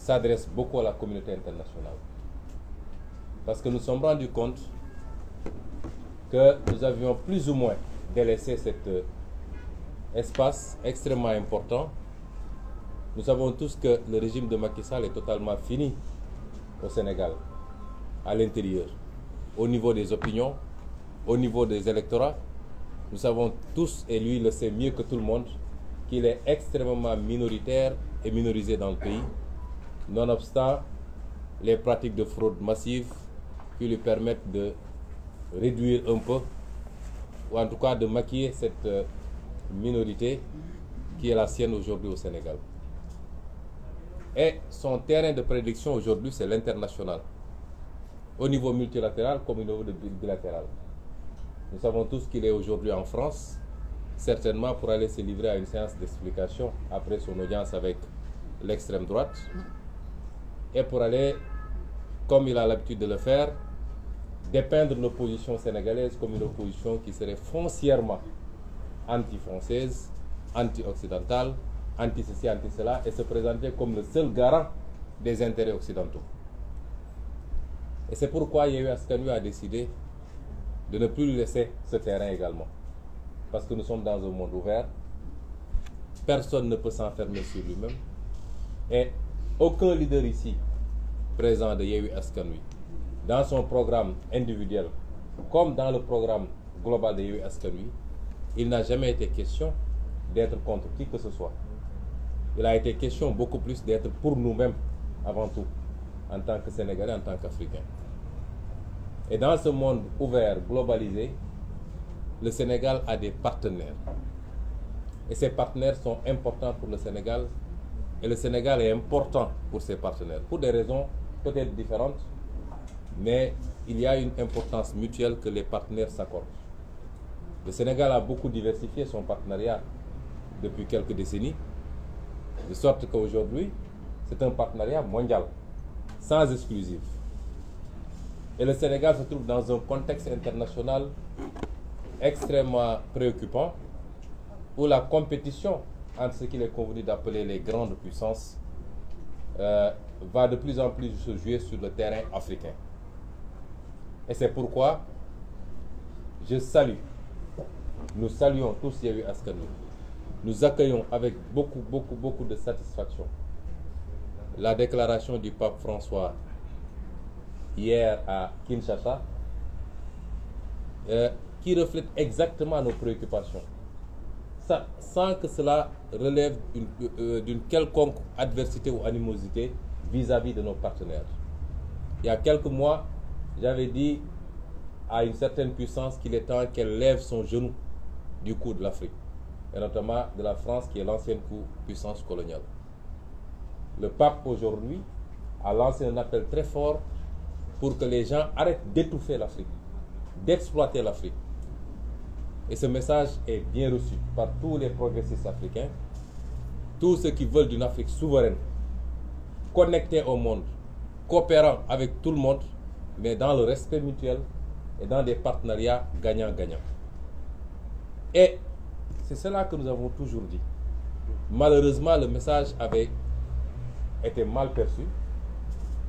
s'adresse beaucoup à la communauté internationale. Parce que nous sommes rendus compte que nous avions plus ou moins délaissé cet euh, espace extrêmement important. Nous savons tous que le régime de Macky Sall est totalement fini au Sénégal, à l'intérieur, au niveau des opinions, au niveau des électorats. Nous savons tous, et lui le sait mieux que tout le monde, qu'il est extrêmement minoritaire et minorisé dans le pays non nonobstant les pratiques de fraude massive qui lui permettent de réduire un peu, ou en tout cas de maquiller cette euh, minorité qui est la sienne aujourd'hui au Sénégal. Et son terrain de prédiction aujourd'hui, c'est l'international, au niveau multilatéral comme au niveau bilatéral. Nous savons tous qu'il est aujourd'hui en France, certainement pour aller se livrer à une séance d'explication après son audience avec l'extrême droite. et pour aller, comme il a l'habitude de le faire, dépeindre l'opposition sénégalaise comme une opposition qui serait foncièrement anti-française, anti-occidentale, anti-ceci, anti-cela, et se présenter comme le seul garant des intérêts occidentaux. Et c'est pourquoi Yehu Askanu a décidé de ne plus laisser ce terrain également. Parce que nous sommes dans un monde ouvert, personne ne peut s'enfermer sur lui-même, aucun leader ici présent de Yewwi Askan Wi dans son programme individuel comme dans le programme global de Yewwi Askan Wi il n'a jamais été question d'être contre qui que ce soit il a été question beaucoup plus d'être pour nous-mêmes avant tout en tant que Sénégalais en tant qu'Africains et dans ce monde ouvert globalisé le Sénégal a des partenaires et ces partenaires sont importants pour le Sénégal Et le Sénégal est important pour ses partenaires, pour des raisons peut-être différentes, mais il y a une importance mutuelle que les partenaires s'accordent. Le Sénégal a beaucoup diversifié son partenariat depuis quelques décennies, de sorte qu'aujourd'hui, c'est un partenariat mondial, sans exclusif. Et le Sénégal se trouve dans un contexte international extrêmement préoccupant où la compétition entre ce qu'il est convenu d'appeler les grandes puissances euh, va de plus en plus se jouer sur le terrain africain. Et c'est pourquoi je salue, nous saluons tous Yahweh Askani. Nous accueillons avec beaucoup, beaucoup, beaucoup de satisfaction la déclaration du pape François hier à Kinshasa, euh, qui reflète exactement nos préoccupations. sans que cela relève d'une euh, quelconque adversité ou animosité vis-à-vis -vis de nos partenaires. Il y a quelques mois, j'avais dit à une certaine puissance qu'il est temps qu'elle lève son genou du coup de l'Afrique, et notamment de la France qui est l'ancienne puissance coloniale. Le pape aujourd'hui a lancé un appel très fort pour que les gens arrêtent d'étouffer l'Afrique, d'exploiter l'Afrique. Et ce message est bien reçu par tous les progressistes africains, tous ceux qui veulent d'une Afrique souveraine, connectée au monde, coopérant avec tout le monde, mais dans le respect mutuel et dans des partenariats gagnant-gagnant. Et c'est cela que nous avons toujours dit. Malheureusement, le message avait été mal perçu.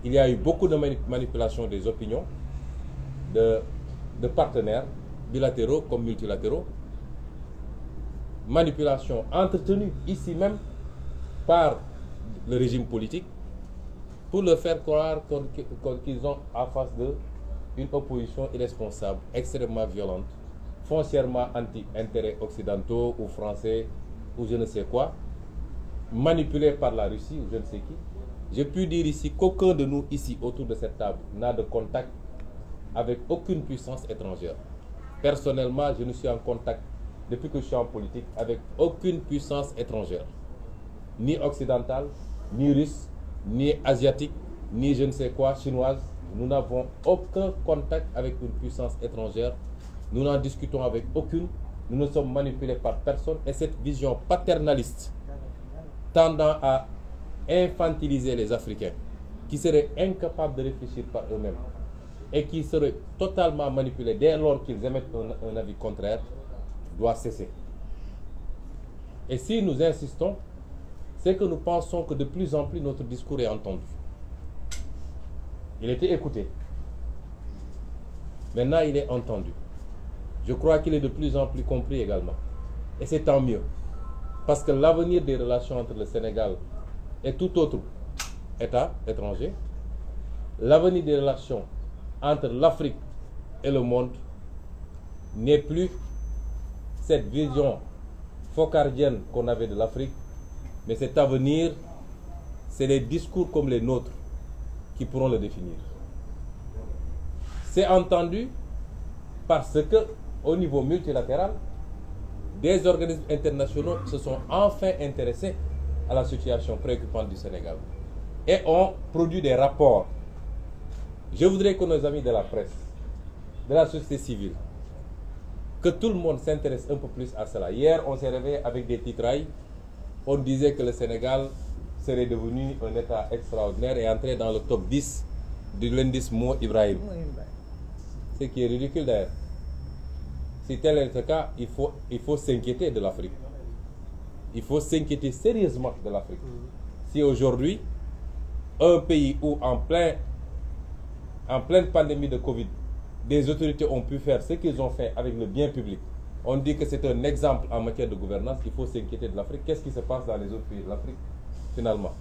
Il y a eu beaucoup de manipulation des opinions, de, de partenaires, bilatéraux comme multilatéraux manipulation entretenue ici même par le régime politique pour leur faire croire qu'ils ont en face d'eux une opposition irresponsable, extrêmement violente, foncièrement anti-intérêts occidentaux ou français ou je ne sais quoi, manipulée par la Russie ou je ne sais qui. J'ai pu dire ici qu'aucun de nous ici autour de cette table n'a de contact avec aucune puissance étrangère. Personnellement, je ne suis en contact depuis que je suis en politique avec aucune puissance étrangère, ni occidentale, ni russe, ni asiatique, ni je ne sais quoi, chinoise. Nous n'avons aucun contact avec une puissance étrangère. Nous n'en discutons avec aucune. Nous ne sommes manipulés par personne. Et cette vision paternaliste tendant à infantiliser les Africains qui seraient incapables de réfléchir par eux-mêmes et qui seraient totalement manipulés dès lors qu'ils émettent un avis contraire doit cesser. Et si nous insistons, c'est que nous pensons que de plus en plus notre discours est entendu. Il était écouté. Maintenant, il est entendu. Je crois qu'il est de plus en plus compris également. Et c'est tant mieux. Parce que l'avenir des relations entre le Sénégal et tout autre État étranger, l'avenir des relations entre l'Afrique et le monde n'est plus cette vision focardienne qu'on avait de l'Afrique, mais cet avenir, c'est les discours comme les nôtres qui pourront le définir. C'est entendu parce que, au niveau multilatéral, des organismes internationaux se sont enfin intéressés à la situation préoccupante du Sénégal et ont produit des rapports Je voudrais que nos amis de la presse, de la société civile, que tout le monde s'intéresse un peu plus à cela. Hier, on s'est réveillé avec des titrailles. On disait que le Sénégal serait devenu un État extraordinaire et entrer dans le top 10 de l'indice Mo Ibrahim. Ce qui est ridicule d'ailleurs. Si tel est le cas, il faut, il faut s'inquiéter de l'Afrique. Il faut s'inquiéter sérieusement de l'Afrique. Mm. Si aujourd'hui, un pays où en plein en pleine pandémie de Covid, des autorités ont pu faire ce qu'ils ont fait avec le bien public. On dit que c'est un exemple en matière de gouvernance, qu'il faut s'inquiéter de l'Afrique. Qu'est-ce qui se passe dans les autres pays de l'Afrique, finalement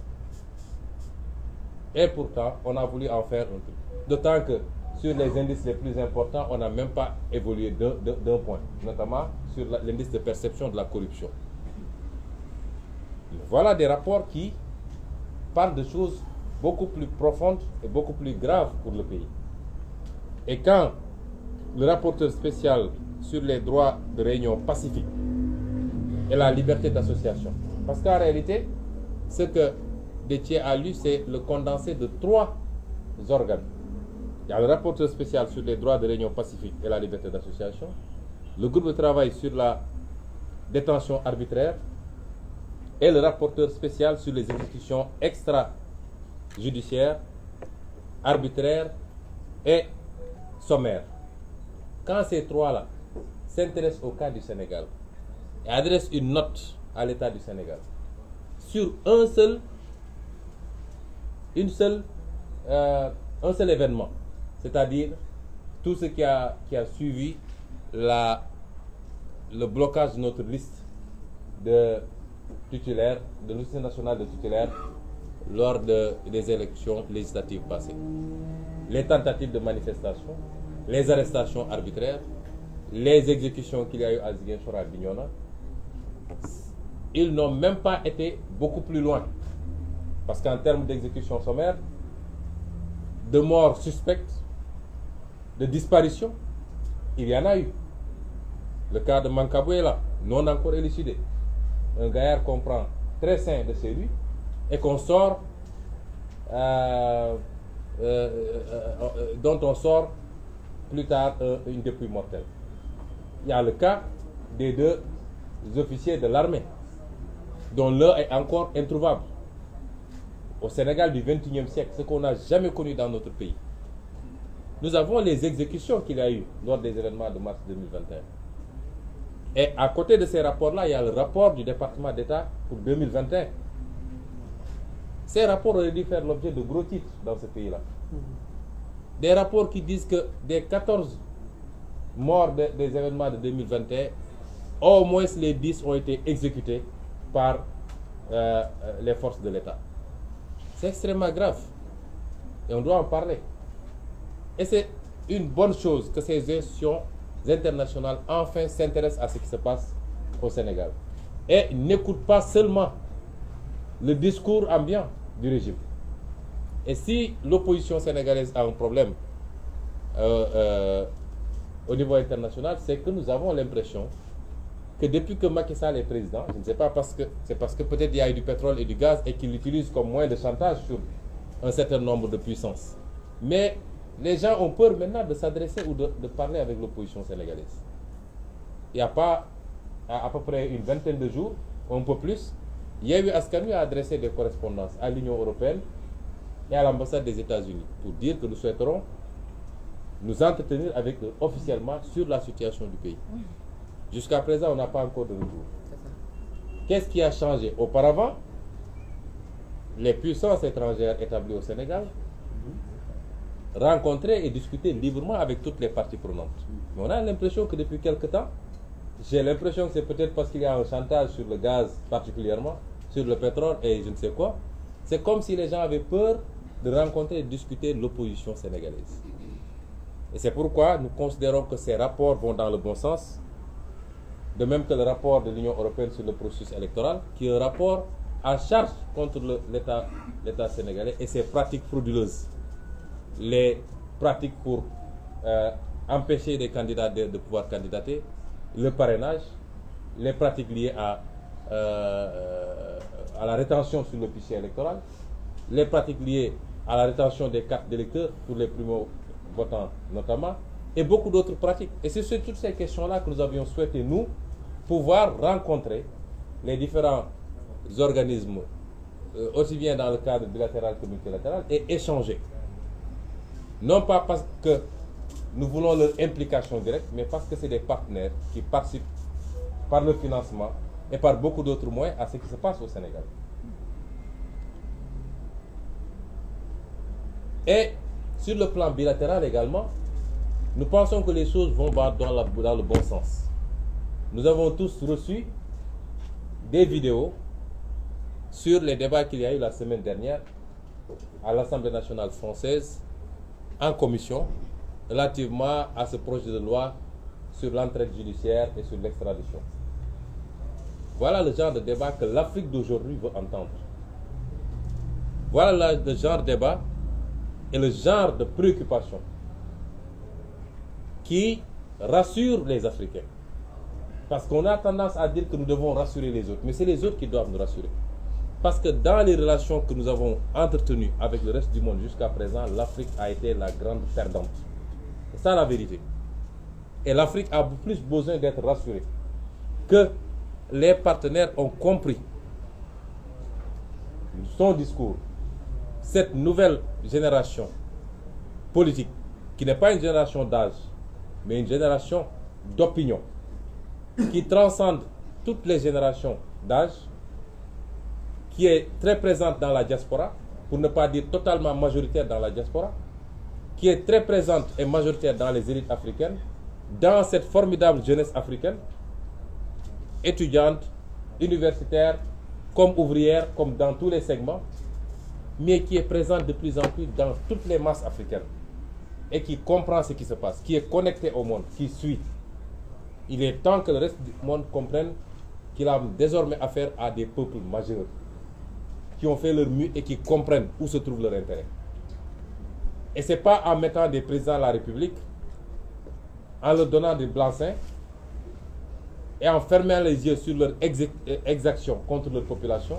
Et pourtant, on a voulu en faire un truc. D'autant que sur les indices les plus importants, on a même pas évolué d'un point, notamment sur l'indice de perception de la corruption. Voilà des rapports qui beaucoup plus profonde et beaucoup plus grave pour le pays. Et quand le rapporteur spécial sur les droits de réunion pacifique et la liberté d'association, parce qu'en réalité, ce que Détier a lu, c'est le condensé de trois organes. Il y le rapporteur spécial sur les droits de réunion pacifique et la liberté d'association, le groupe de travail sur la détention arbitraire et le rapporteur spécial sur les exécutions extra judiciaire, arbitraire et sommaire. Quand ces trois-là s'intéressent au cas du Sénégal et adressent une note à l'État du Sénégal sur un seul, une seule, euh, un seul événement, c'est-à-dire tout ce qui a, qui suivi la, le blocage de notre liste de titulaires, de nationale de titulaires lors de, des élections législatives passées. Les tentatives de manifestation, les arrestations arbitraires, les exécutions qu'il y a eu à Ziguinchor à Bignona, ils n'ont même pas été beaucoup plus loin. Parce qu'en termes d'exécution sommaire, de morts suspectes, de disparitions, il y en a eu. Le cas de Mankaboué là, non encore élucidé. Un gaillard comprend très sain de ses rues, et qu'on sort, euh, euh, euh, dont on plus tard une dépouille mortelle. Il a le cas des deux de l'armée, dont l'un est encore introuvable. Au Sénégal du XXIe siècle, ce qu'on n'a jamais dans notre pays. Nous les exécutions qu'il a eu lors des de mars 2021. Et à côté de ces rapports-là, il y a le rapport du département d'État pour Ces rapports auraient dû faire l'objet de gros titres dans ce pays-là. Mmh. Des rapports qui disent que des 14 morts de, des événements de 2021, au moins les 10 ont été exécutés par euh, euh, les forces de l'État. C'est extrêmement grave. Et on doit en parler. Et c'est une bonne chose que ces institutions internationales enfin s'intéressent à ce qui se passe au Sénégal. Et n'écoutent pas seulement le discours ambiant du régime. Et si l'opposition sénégalaise a un problème euh, euh, au niveau international, c'est que nous avons l'impression que depuis que Macky est président, je ne sais pas parce que c'est parce que peut-être il y a eu du pétrole et du gaz et qu'il l'utilise comme moyen de chantage sur un certain nombre de puissances. Mais les gens ont peur maintenant de s'adresser ou de, de, parler avec l'opposition sénégalaise. Il n'y a pas à, à peu près une vingtaine de jours, un peu plus, Yewwi Askan Wi a adressé des correspondances à l'Union européenne et à l'ambassade des États-Unis pour dire que nous souhaiterons nous entretenir avec eux officiellement sur la situation du pays. Jusqu'à présent, on n'a pas encore de retour. Qu'est-ce qui a changé Auparavant, les puissances étrangères établies au Sénégal rencontraient et discutaient librement avec toutes les parties prenantes. Mais on a l'impression que depuis quelque temps, j'ai l'impression que c'est peut-être parce qu'il y a un chantage sur le gaz particulièrement, sur le pétrole et je ne sais quoi. C'est comme si les gens avaient peur de rencontrer et de discuter l'opposition sénégalaise. Et c'est pourquoi nous considérons que ces rapports vont dans le bon sens, de même que le rapport de l'Union européenne sur le processus électoral, qui est un rapport en charge contre l'État sénégalais et ses pratiques frauduleuses, les pratiques pour euh, empêcher des candidats de, de, pouvoir candidater, le parrainage, les pratiques liées à euh, à la rétention sur le fichier électoral, les pratiques liées à la rétention des cartes d'électeurs pour les primo-votants notamment, et beaucoup d'autres pratiques. Et c'est sur toutes ces questions-là que nous avions souhaité, nous, pouvoir rencontrer les différents organismes, euh, aussi bien dans le cadre bilatéral que multilatéral, et échanger. Non pas parce que nous voulons leur implication directe, mais parce que c'est des partenaires qui participent par le financement et par beaucoup d'autres moyens à ce qui se passe au Sénégal. Et sur le plan bilatéral également, nous pensons que les choses vont dans, la, dans le bon sens. Nous avons tous reçu des vidéos sur les débats qu'il y a eu la semaine dernière à l'Assemblée nationale française en commission relativement à ce projet de loi sur l'entraide judiciaire et sur l'extradition. Voilà le genre de débat que l'Afrique d'aujourd'hui veut entendre. Voilà le genre de débat et le genre de préoccupation qui rassure les Africains. Parce qu'on a tendance à dire que nous devons rassurer les autres, mais c'est les autres qui doivent nous rassurer. Parce que dans les relations que nous avons entretenues avec le reste du monde jusqu'à présent, l'Afrique a été la grande perdante. C'est ça la vérité. Et l'Afrique a plus besoin d'être rassurée que les partenaires ont compris son discours. Cette nouvelle génération politique, qui n'est pas une génération d'âge, mais une génération d'opinion, qui transcende toutes les générations d'âge, qui est très présente dans la diaspora, pour ne pas dire totalement majoritaire dans la diaspora, qui est très présente et majoritaire dans les élites africaines, dans cette formidable jeunesse africaine, étudiantes, universitaires, comme ouvrières, comme dans tous les segments, mais qui est présente de plus en plus dans toutes les masses africaines et qui comprend ce qui se passe, qui est connecté au monde, qui suit. Il est temps que le reste du monde comprenne qu'il a désormais affaire à des peuples majeurs qui ont fait leur mieux et qui comprennent où se trouve leur intérêt. Et ce n'est pas en mettant des présidents de la République, en leur donnant des blancs et en fermant les yeux sur leurs exactions contre leur population,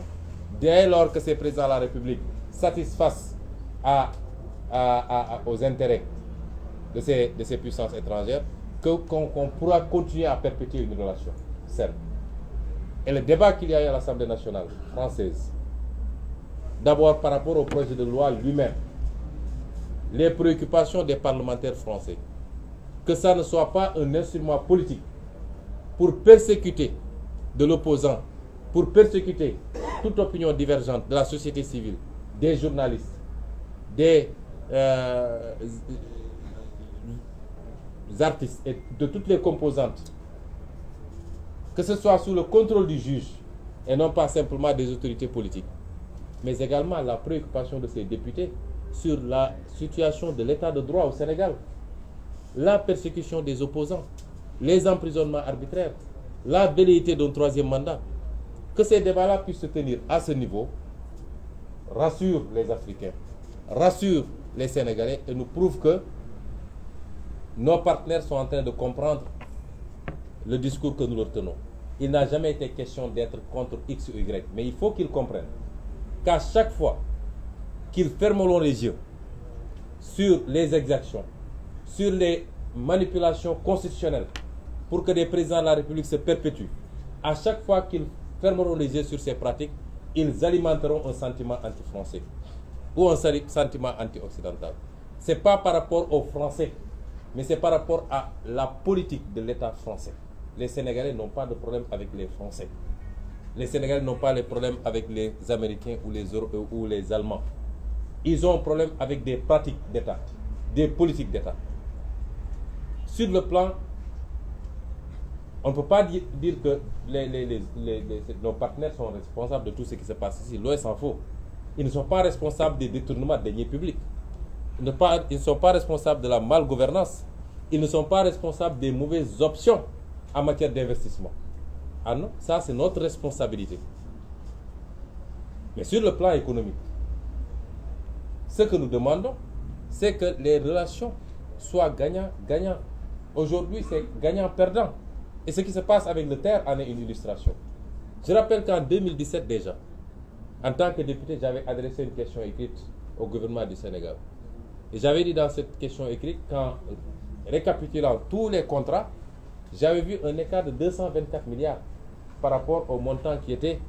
dès lors que ces présidents de la République satisfassent à, à, à, aux intérêts de ces, de ces puissances étrangères, qu'on qu pourra continuer à perpétuer une relation saine. Et le débat qu'il y a eu à l'Assemblée nationale française, d'abord par rapport au projet de loi lui-même, les préoccupations des parlementaires français, que ça ne soit pas un instrument politique pour persécuter de l'opposant, pour persécuter toute opinion divergente de la société civile, des journalistes, des euh, artistes et de toutes les composantes, que ce soit sous le contrôle du juge et non pas simplement des autorités politiques, mais également la préoccupation de ces députés sur la situation de l'état de droit au Sénégal, la persécution des opposants. les emprisonnements arbitraires, la velléité d'un troisième mandat. Que ces débats-là puissent se tenir à ce niveau rassure les Africains, rassure les Sénégalais et nous prouve que nos partenaires sont en train de comprendre le discours que nous leur tenons. Il n'a jamais été question d'être contre X ou Y, mais il faut qu'ils comprennent qu'à chaque fois qu'ils fermeront les yeux sur les exactions, sur les manipulations constitutionnelles pour que des présidents de la République se perpétuent, à chaque fois qu'ils fermeront les yeux sur ces pratiques, ils alimenteront un sentiment anti-français ou un sentiment anti-occidental. Ce n'est pas par rapport aux Français, mais c'est par rapport à la politique de l'État français. Les Sénégalais n'ont pas de problème avec les Français. Les Sénégalais n'ont pas de problème avec les Américains ou les, euh, les Allemands. Ils ont un problème avec des pratiques d'État, des politiques d'État. Sur on ne peut pas dire, dire que les, les, les, les, nos partenaires sont responsables de tout ce qui se passe ici. Loin s'en faut. Ils ne sont pas responsables des détournements de deniers publics. Ils ne, pas, ils ne sont pas responsables de la malgouvernance. Ils ne sont pas responsables des mauvaises options en matière d'investissement. Ah non, ça c'est notre responsabilité. Mais sur le plan économique, ce que nous demandons, c'est que les relations soient gagnant-gagnant. Aujourd'hui, c'est gagnant-perdant. Et ce qui se avec le terre en est une illustration. Je rappelle qu'en 2017 en tant que député, j'avais adressé une question écrite au Sénégal. Et j'avais dit dans cette question écrite qu'en récapitulant les contrats, j'avais vu un écart de 224 milliards par rapport au montant qui était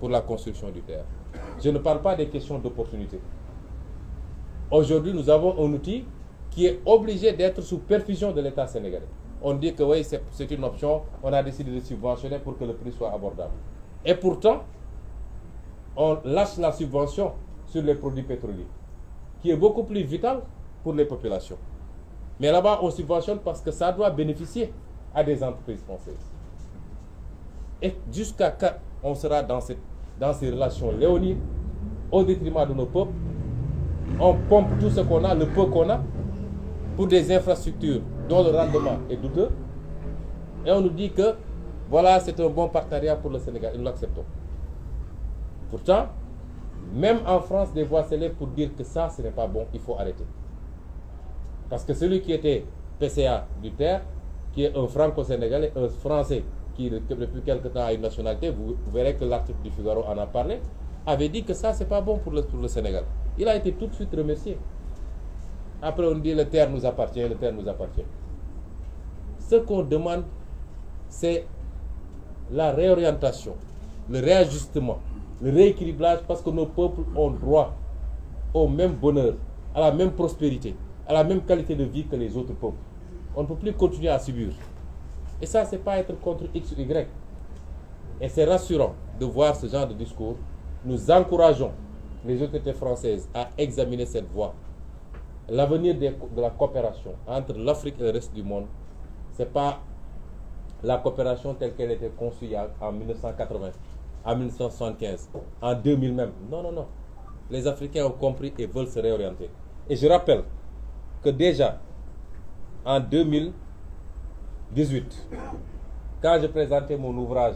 pour la construction du terre. Je pas des questions d'opportunité. Aujourd'hui, nous avons un outil qui est obligé d'être sous perfusion de on dit que oui, c'est une option, on a décidé de subventionner pour que le prix soit abordable. Et pourtant, on lâche la subvention sur les produits pétroliers, qui est beaucoup plus vital pour les populations. Mais là-bas, on subventionne parce que ça doit bénéficier à des entreprises françaises. Et jusqu'à quand on sera dans, cette, dans ces relations léonides, au détriment de nos peuples, on pompe tout ce qu'on a, le peu qu'on a, pour des infrastructures dont le rendement est douteux, et on nous dit que voilà, c'est un bon partenariat pour le Sénégal, et nous l'acceptons. Pourtant, même en France, des voix pour dire que ça, ce n'est pas bon, il faut arrêter. Parce que celui qui était PCA du Terre, qui est un franco-sénégalais, un français qui depuis quelque temps a une nationalité, vous verrez que l'article du Figaro en a parlé, avait dit que ça, c'est pas bon pour le, pour le Sénégal. Il a été tout de suite remercié. Après, on dit le terre nous appartient, le terre nous appartient. Ce qu'on demande, c'est la réorientation, le réajustement, le rééquilibrage, parce que nos peuples ont droit au même bonheur, à la même prospérité, à la même qualité de vie que les autres peuples. On ne peut plus continuer à subir. Et ça, c'est pas être contre X ou Et c'est rassurant de voir ce genre de discours. Nous encourageons les autorités françaises à examiner cette voie l'avenir de la coopération entre l'Afrique et le reste du pas la coopération telle qu'elle était conçue en 1980, en 1975, en 2000 même. Non, non, non. Les Africains ont compris et veulent se réorienter. Et que déjà en 2018, quand je présentais mon ouvrage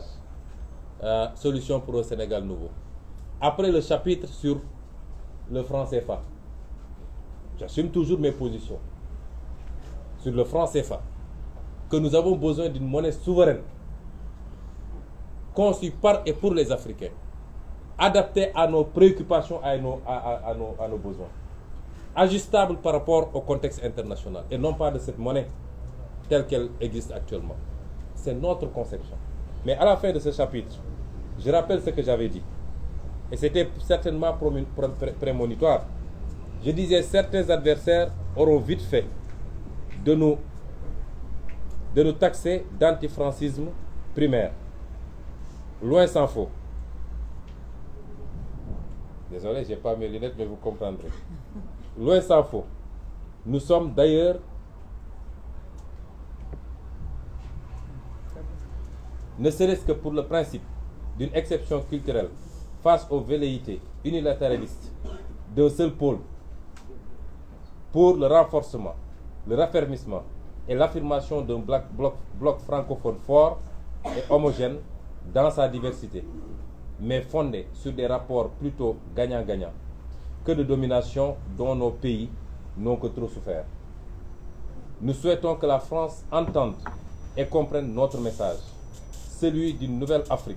euh, Solutions pour le Sénégal le chapitre sur le franc CFA, j'assume toujours mes positions sur le franc fa que nous avons besoin d'une monnaie souveraine, conçue par et pour les Africains, adaptée à nos préoccupations, à nos, à, à, à nos, besoins, ajustable par rapport au contexte international, et non pas de cette monnaie telle qu'elle existe actuellement. C'est notre conception. Mais à la fin de ce chapitre, je rappelle ce que j'avais dit. Et c'était certainement prémonitoire je disais certains adversaires auront vite fait de nous de nous taxer d'antifrancisme primaire loin s'en faut désolé j'ai pas mes lunettes mais vous comprendrez loin s'en faut nous sommes d'ailleurs ne serait-ce que pour le principe d'une exception culturelle face aux velléités unilatéralistes d'un seul pôle pour le renforcement, le raffermissement et l'affirmation d'un bloc, bloc francophone fort et homogène dans sa diversité, mais fondé sur des rapports plutôt gagnant-gagnant que de domination dont nos pays n'ont que trop souffert. Nous souhaitons que la France entende et comprenne notre message, celui d'une nouvelle Afrique,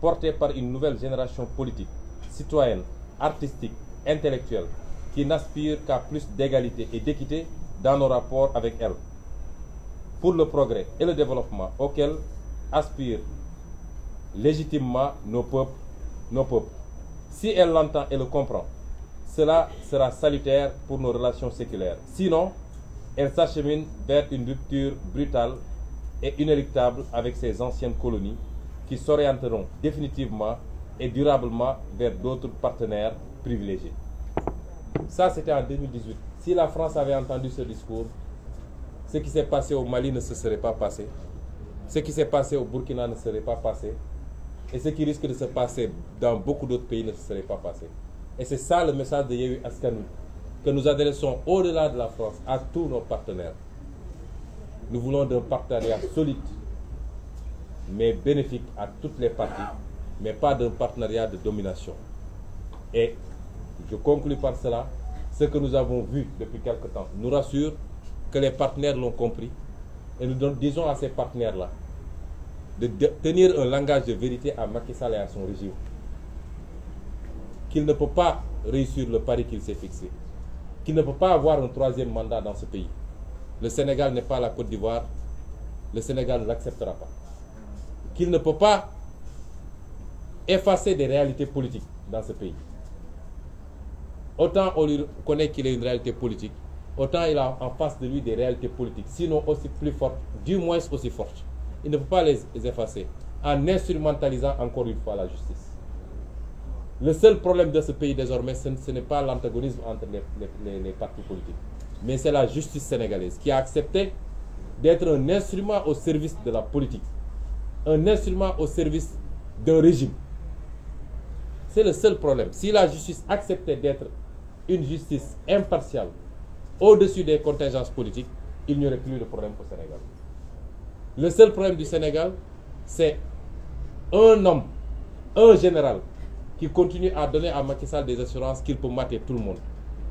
portée par une nouvelle génération politique, citoyenne, artistique, intellectuelle, qui n'aspirent qu'à plus d'égalité et d'équité dans nos rapports avec elle, pour le progrès et le développement auquel aspirent légitimement nos peuples, nos peuples. Si elle l'entend et le comprend, cela sera salutaire pour nos relations séculaires. Sinon, elle s'achemine vers une rupture brutale et inéluctable avec ses anciennes colonies qui s'orienteront définitivement et durablement vers d'autres partenaires privilégiés. Ça, c'était en Si la France avait entendu ce discours, ce qui s'est passé au Mali ne se serait pas passé. Ce qui s'est passé au Burkina ne serait pas passé. Et ce qui risque de se passer dans beaucoup d'autres pays ne se serait pas passé. Et c'est ça le message de Yehu Askanou, que nous adressons au-delà de la France à tous nos partenaires. Nous voulons d'un partenariat solide, mais bénéfique à toutes les parties, mais pas d'un partenariat de domination. Et je conclus par cela, ce que nous avons vu depuis quelque temps nous rassure que les partenaires l'ont compris et nous disons à ces partenaires-là de tenir un langage de vérité à Macky Sall et à son régime. Qu'il ne peut pas réussir le pari qu'il s'est fixé. Qu'il ne peut pas avoir un troisième mandat dans ce pays. Le Sénégal n'est pas la Côte d'Ivoire. Le Sénégal ne l'acceptera pas. Qu'il ne peut pas effacer des réalités politiques dans ce pays. Autant on lui connaît qu'il est une réalité politique, autant il a en face de lui des réalités politiques, sinon aussi plus fortes, du moins aussi fortes. Il ne peut pas les effacer en instrumentalisant encore une fois la justice. Le seul problème de ce pays désormais, ce n'est pas l'antagonisme entre les, les, les, partis politiques, mais c'est la justice sénégalaise qui a accepté d'être un instrument au service de la politique, un instrument au service d'un régime. C'est le seul problème. Si la justice acceptait d'être une justice impartiale au-dessus des contingences politiques, il n'y aurait plus de problème au Sénégal. Le seul problème du Sénégal, c'est un homme, un général, qui continue à donner à Macky Sall des assurances qu'il peut mater tout le monde,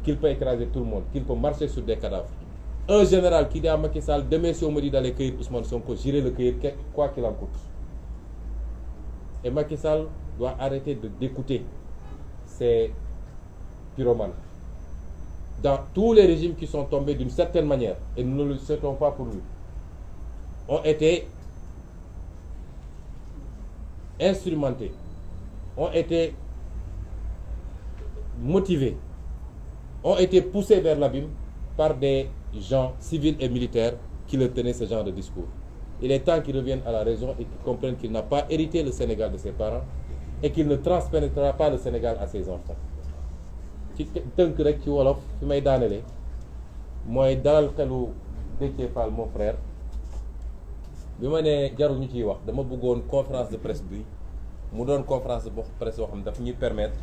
qu'il peut écraser tout le monde, qu'il peut marcher sur des cadavres. Un général qui dit à Macky Sall, demain si on me dit d'aller cueillir Ousmane Sonko, j'irai le cueillir quoi qu'il en Et Macky doit arrêter d'écouter ces dans tous les régimes qui sont tombés d'une certaine manière, et nous ne le souhaitons pas pour lui, ont été instrumentés, ont été motivés, ont été poussés vers l'abîme par des gens civils et militaires qui leur tenaient ce genre de discours. Il est temps qu'ils reviennent à la raison et qu'ils comprennent qu'il n'a pas hérité le Sénégal de ses parents et qu'il ne transpénétrera pas le Sénégal à ses enfants. ci tënk rek ci wolof fi may daanele mooy dalal xelu Déthié Fall mon frère bi ma nee jaruñu ciy wax dama bëggoon conférence de presse bi mu doon conférence de presse boo xam dafa ñuy permettre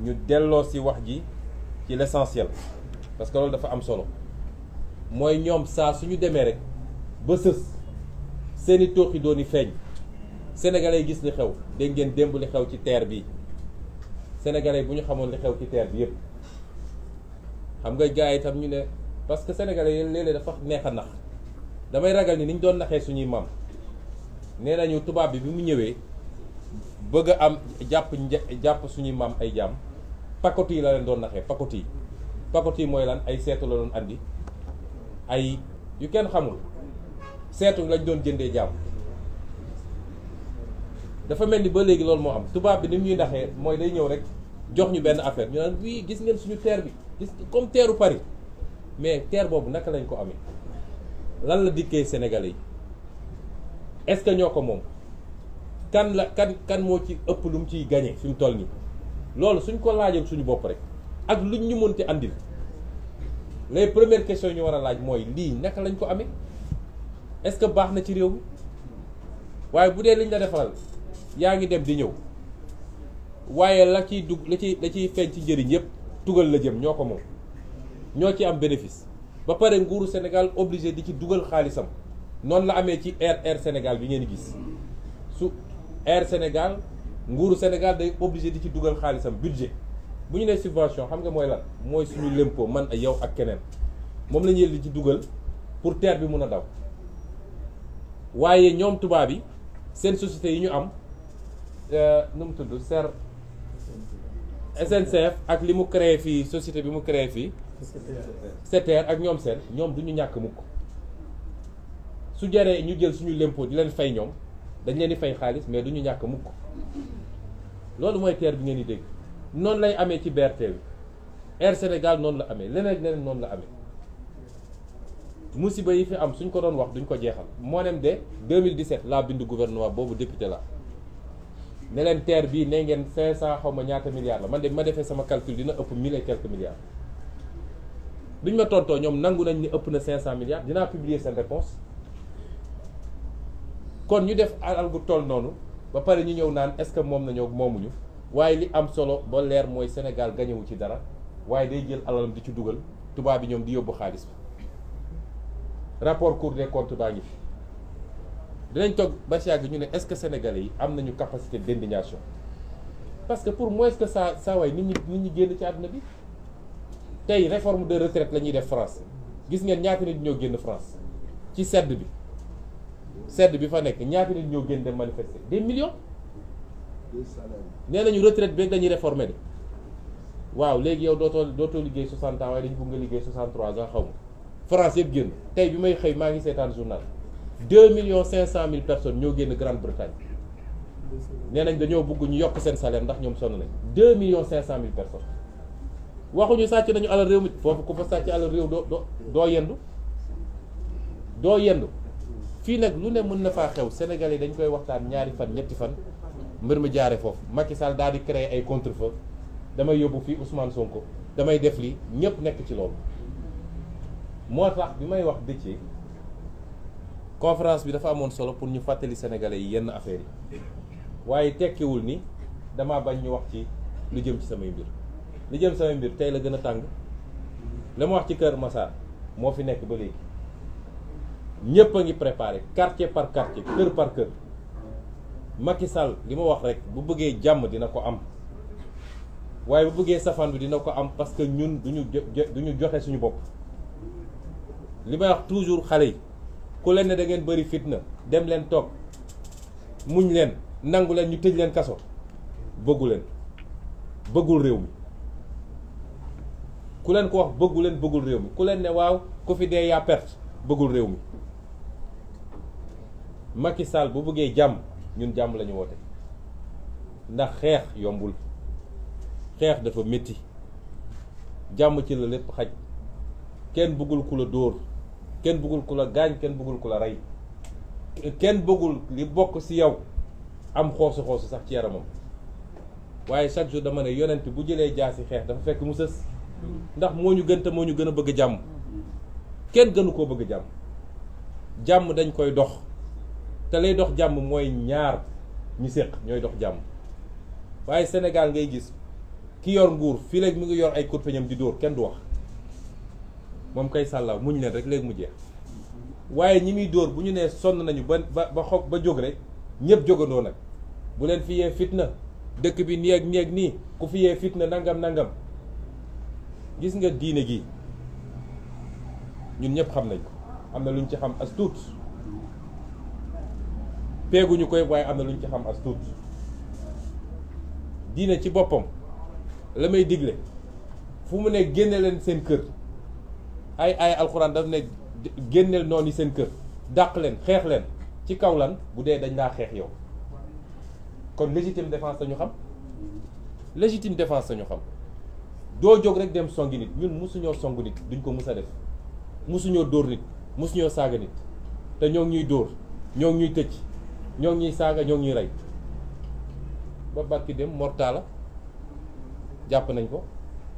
ñu delloo si wax ji ci l'essentiel parce que loolu dafa am solo mooy ñoom saa suñu demee rek ba sës seeni tooxi dooni feeñ sénégalais yi gis li xew dégg ngeen démb li xew ci terre bi sénégalais bu ñu xamoon li xew ci terre bi yëpp xam nga gars yi itam ñu ne parce que sénégalais yi léeg-léeg dafa neex a nax damay ragal ni ni doon naxee suñuy maam nee nañu tubaab bi bi mu ñëwee bëgg am jàpp jàpp suñuy maam ay jaam pakoti yi la leen doon naxee pakoti yi pakoti yi mooy lan ay seetu la doon andi ay yu kenn xamul seetu lañ doon jëndee jaam. dafa mel ni ba léegi loolu moo am tubaab bi ni ñuy naxee mooy lay ñëw rek jox ñu benn affaire ñu naan bii gis ngeen suñu terre bi gis comme teeru Paris mais teer boobu naka lañ ko amee lan la dikkee Sénégalais yi est-ce ñoo ko moom kan la kan kan moo ci ëpp lu mu ciy gañe fi mu toll nii loolu suñ ko laajee suñu bopp rek ak luñ ñu mënti àndil les premières question yi ñu war a laaj mooy lii naka lañ ko amee est-ce que baax na ci réew mi waaye bu dee liñ la defaral yaa ngi dem di ñëw waaye la ciy dugg la ciy la ciy feeñ ci njëriñ yëpp tugal la jëm ñoo ko moom ñoo ci am bénéfice ba pare nguuru Sénégal obligé di ci dugal xaalisam noonu la amee ci air air Sénégal bi ngeen gis su air Sénégal nguuru Sénégal day obligé di ci dugal xaalisam budget bu ñu ne subvention xam nga mooy lan mooy suñu lempo man a yow ak keneen moom la ñuy di ci dugal pour terre bi mun a daw waaye ñoom tubaab yi seen société yi ñu am. Euh, nu mu tudd ser SNCF ak li mu créer fii société bi mu créé fii SETER ak ñoom seen ñoom du ñu ñàkk mukk su jaree ñu jël suñu lempo di leen fay ñoom dañ leen di fay xaalis mais du ñu ñàkk mukk loolu mooy TER bi ngeen di dégg noonu lay amee ci BRT bi Air Sénégal noonu la amee leneen leneen noonu la amee musiba yi fi am suñ ko doon wax duñ ko jeexal moo nem de 2017 laa bind gouvernement boobu député la ne leen terre bii ne ngeen cinq cent xaw ma ñaata milliards la man de ma defee sama calcul dina ëpp mille et quelques milliards duñ ma tontoo ñoom nangu nañ ni ëpp na cinq cent milliards dinaa publier seen réponse kon ñu def alal gu toll noonu ba pare ñu ñëw naan est-ce que moom nañoo moomuñu waaye li am solo ba leer mooy Sénégal gañewu ci dara waaye day jël alalam di ci dugal tubaab bi ñoom di yóbbu xaalis bi rapport Cour des comptes baa ngi fi danañ toog ba si ñu ne est-ce que sénégalais yi am nañu capacité d'indignation parce que pour moins que ça saa nit ñi nit ñi génn ci na bi tey reforme de retraite la ñuy def France gis ngeen ñaata nit ñoo génn France ci sedd bi sedd bi fa nekk ñaata nit ñoo génn dem manifester des million nee nañu retraite beeg dañuy réformer de waaw léegi yow dootoo dootoo liggéey 60 ans waaye dañu bëgg nga liggéey 63 ans xaw ma France yëpp génn tey bi may xëy maa ngi seetaan journal deux millions cinq cent mille personnes ñoo génn Grande-Bretagne nee nañ dañoo bëgg ñu yokk seen salaire ndax ñoom sonn nañ deux millions cinq cent mille personnes waxuñu sàcc nañu alal réew mi foofu ku fa sàcc alal réew doo doo yendu doo yendu fii nag lu ne mën na faa xew Sénégalais dañ koy waxtaan ñaari fan ñetti fan mbir mi jaare foofu Macky Sall daal di créer ay contre-feu damay yóbbu fii Ousmane Sonko damay def lii ñëpp nekk ci loolu moo tax bi may wax dëccee conférence bi dafa amoon solo pour ñu fàttali sénégalais yi yenn affaires yi waaye tekkiwul ni dama bañ ñu wax ci lu jëm ci samay mbir lu jëm samay mbir tey la gën a tàng la ma wax ci Kër Massar moo fi nekk ba léegi ñëpp a ngi préparé quartier par quartier kër par kër Macky Sall li ma wax rek bu bëggee jàmm dina ko am waaye bu bëggee safaan bi dina ko am parce que ñun du ñu joxe suñu bopp li may wax toujours xale yi ku leen ne da ngeen bëri fitna dem leen toog muñ leen nangu leen ñu tëj leen kaso bëggu leen bëggul réew mi ku leen ko wax bëggu leen bëggul réew mi ku leen ne waaw ku fi dee yaa bëggul réew mi Macky Sall bu bëggee jàmm ñun jàmm lañu ñu woote ndax xeex yombul xeex dafa metti jàmm ci la lépp xaj kenn bëggul ku la dóor kenn bëggul ku la gaañ kenn bëggul ku la rey kenn bëggul li bokk si yow am xoosu xoosu sax ci yaramam waaye chaque jour dama ne yonent bu jëlee jaasi xeex dafa fekk mu sës ndax moo ñu gën te moo ñu gën a bëgg jàmm kenn gënu koo bëgg jàmm jàmm dañ koy dox te lay dox jàmm mooy ñaar ñu séq ñooy dox jàmm waaye Sénégal ngay gis ki yor nguur fii léegi mu ngi yor ay kurpeñam di dóor kenn du wax moom kay sàllaaw muñ leen rek léegi mu jeex waaye ñi muy dóor bu ñu nee sonn nañu ba ba xoog ba jóg rek ñëpp jógandoo nag bu leen fi yee fitna dëkk bi nii ak nii ak nii ku fi yee fitna nangam nangam gis nga diine gi ñun ñëpp xam nañ ko am na luñ ci xam as tuut peeguñu koy waaye am na luñ ci xam as tuut diine ci boppam la may digle fu mu ne génne leen seen kër. ay ay alxuraan daf ne génneel noonu seen kër dàq leen xeex leen ci kaw lan bu dee dañ laa xeex yow kon légitime défense sañu xam légitime défense sañu xam doo jóg rek dem songi nit ñun mosuñoo song nit duñ ko mus a def mosuñoo dóor nit mosuñoo saaga nit te ñoo ngi ñuy dóor ñoo ngi ñuy ñoo ngi ñuy saaga ñoo ngi ñuy rey ba bàkki dem mortala jàpp nañ ko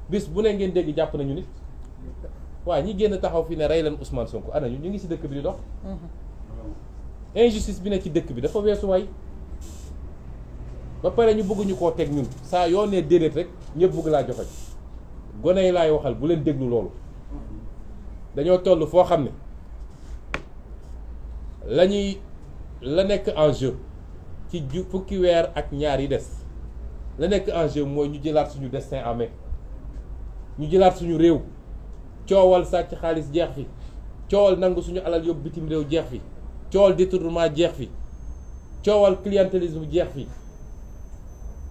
bis bu ne ngeen dégg jàpp nañu nit waa ñi génn taxaw fii ne rey leen Ousmane Sonko ana ñu ñu ngi si dëkk bi di dox. Mm-hmm. injustice bi ne ci dëkk bi dafa weesu waay ba pare ñu bëgguñu koo teg ñun saa yoon nee déedéet rek ñëpp bëgg laa joxoñ gone yi laay waxal bu leen déglu loolu mm-hmm. dañoo toll foo xam ne la ñuy la nekk en ci fukki weer ak ñaar yi des la nekk en jeu mooy ñu jëlaat suñu destin en main ñu jëlaat suñu réew. coowal sàcc xaalis jeex fi coowal nangu suñu alal yóbbu bitim réew jeex fi coowal détournement jeex fi coowal clientélisme jeex fi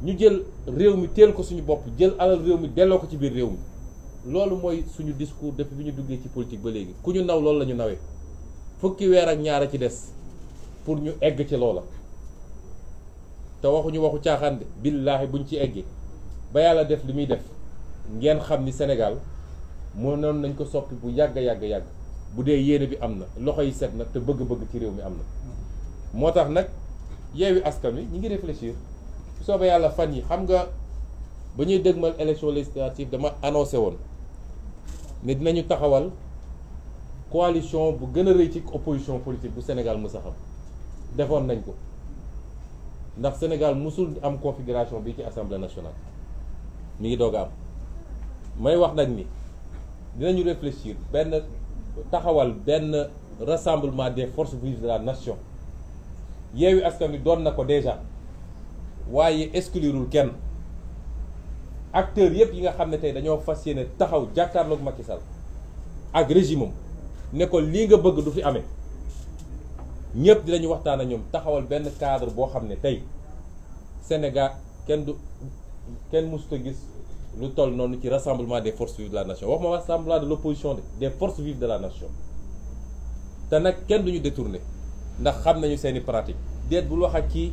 ñu jël réew mi teel ko suñu bopp jël alal réew mi delloo ko ci biir réew mi loolu mooy suñu discours def bi ñu duggee ci politique ba léegi ku ñu naw loolu la ñu nawee fukki weer ak ñaar a ci des pour ñu egg ci loola te waxuñu waxu caaxaan de billaahi buñ ci eggee ba yàlla def li muy def ngeen xam ni Sénégal moo noonu nañ ko soppi bu yàgg yàgg yàgg bu dee yéene bi am na loxo yi set na te bëgg-bëgg ci réew mi am na moo tax nag yeewi askan wi ñi ngi réfléchir soobee yàlla fan yi xam nga ba ñuy dëgmal élection législative dama annoncé woon ne dinañu taxawal coalition bu gën a rëy ci opposition politique bu Sénégal mës a defoon nañ ko ndax Sénégal mësul am configuration bi ci assemblée nationale mu ngi doog a am may wax nag ni dinañu réfléchir benn taxawal benn rassemblement des forces vives de la nation yeewi askan wi doon na ko déjà waaye exclurul kenn acteurs yépp yi nga xam ne tey dañoo fas yéene taxaw jàkkaarloog Macky Sall ak régime am ne ko lii nga bëgg du fi amee ñëpp dinañu waxtaan ak ñoom taxawal benn cadre boo xam ne tey Sénégal kenn du kenn mësut ko gis. lu toll noonu ci rassemblement des forces vives de la nation wax ma rassemblement de l'opposition de des forces vives de la nation te nag kenn du ñu détourné ndax xam nañu seeni pratique déet bul wax ak kii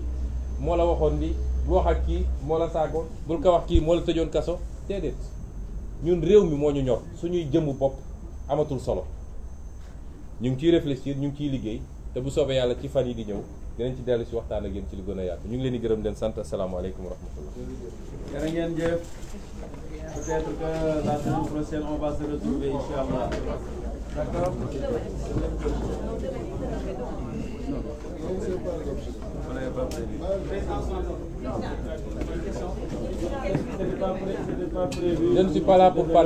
moo la waxoon li bu wax ak kii moo la saagoon bul ko wax kii moo la tëjoon kaso déedéet ñun réew mi moo ñu ñor suñuy jëmmu bopp amatul solo ñu ngi ciy réfléchir ñu ngi ciy liggéey te bu soobee yàlla ci fan yi di ñëw dinañ ci dellu si waxtaan ak yéen ci lu gën a ñu ngi leen di gërëm leen sant asalaamaaleykum wa rahmatullah. jërë ngeen jëf peut-être que la semaine prochaine on allah. d'accord. Je ne pour parler.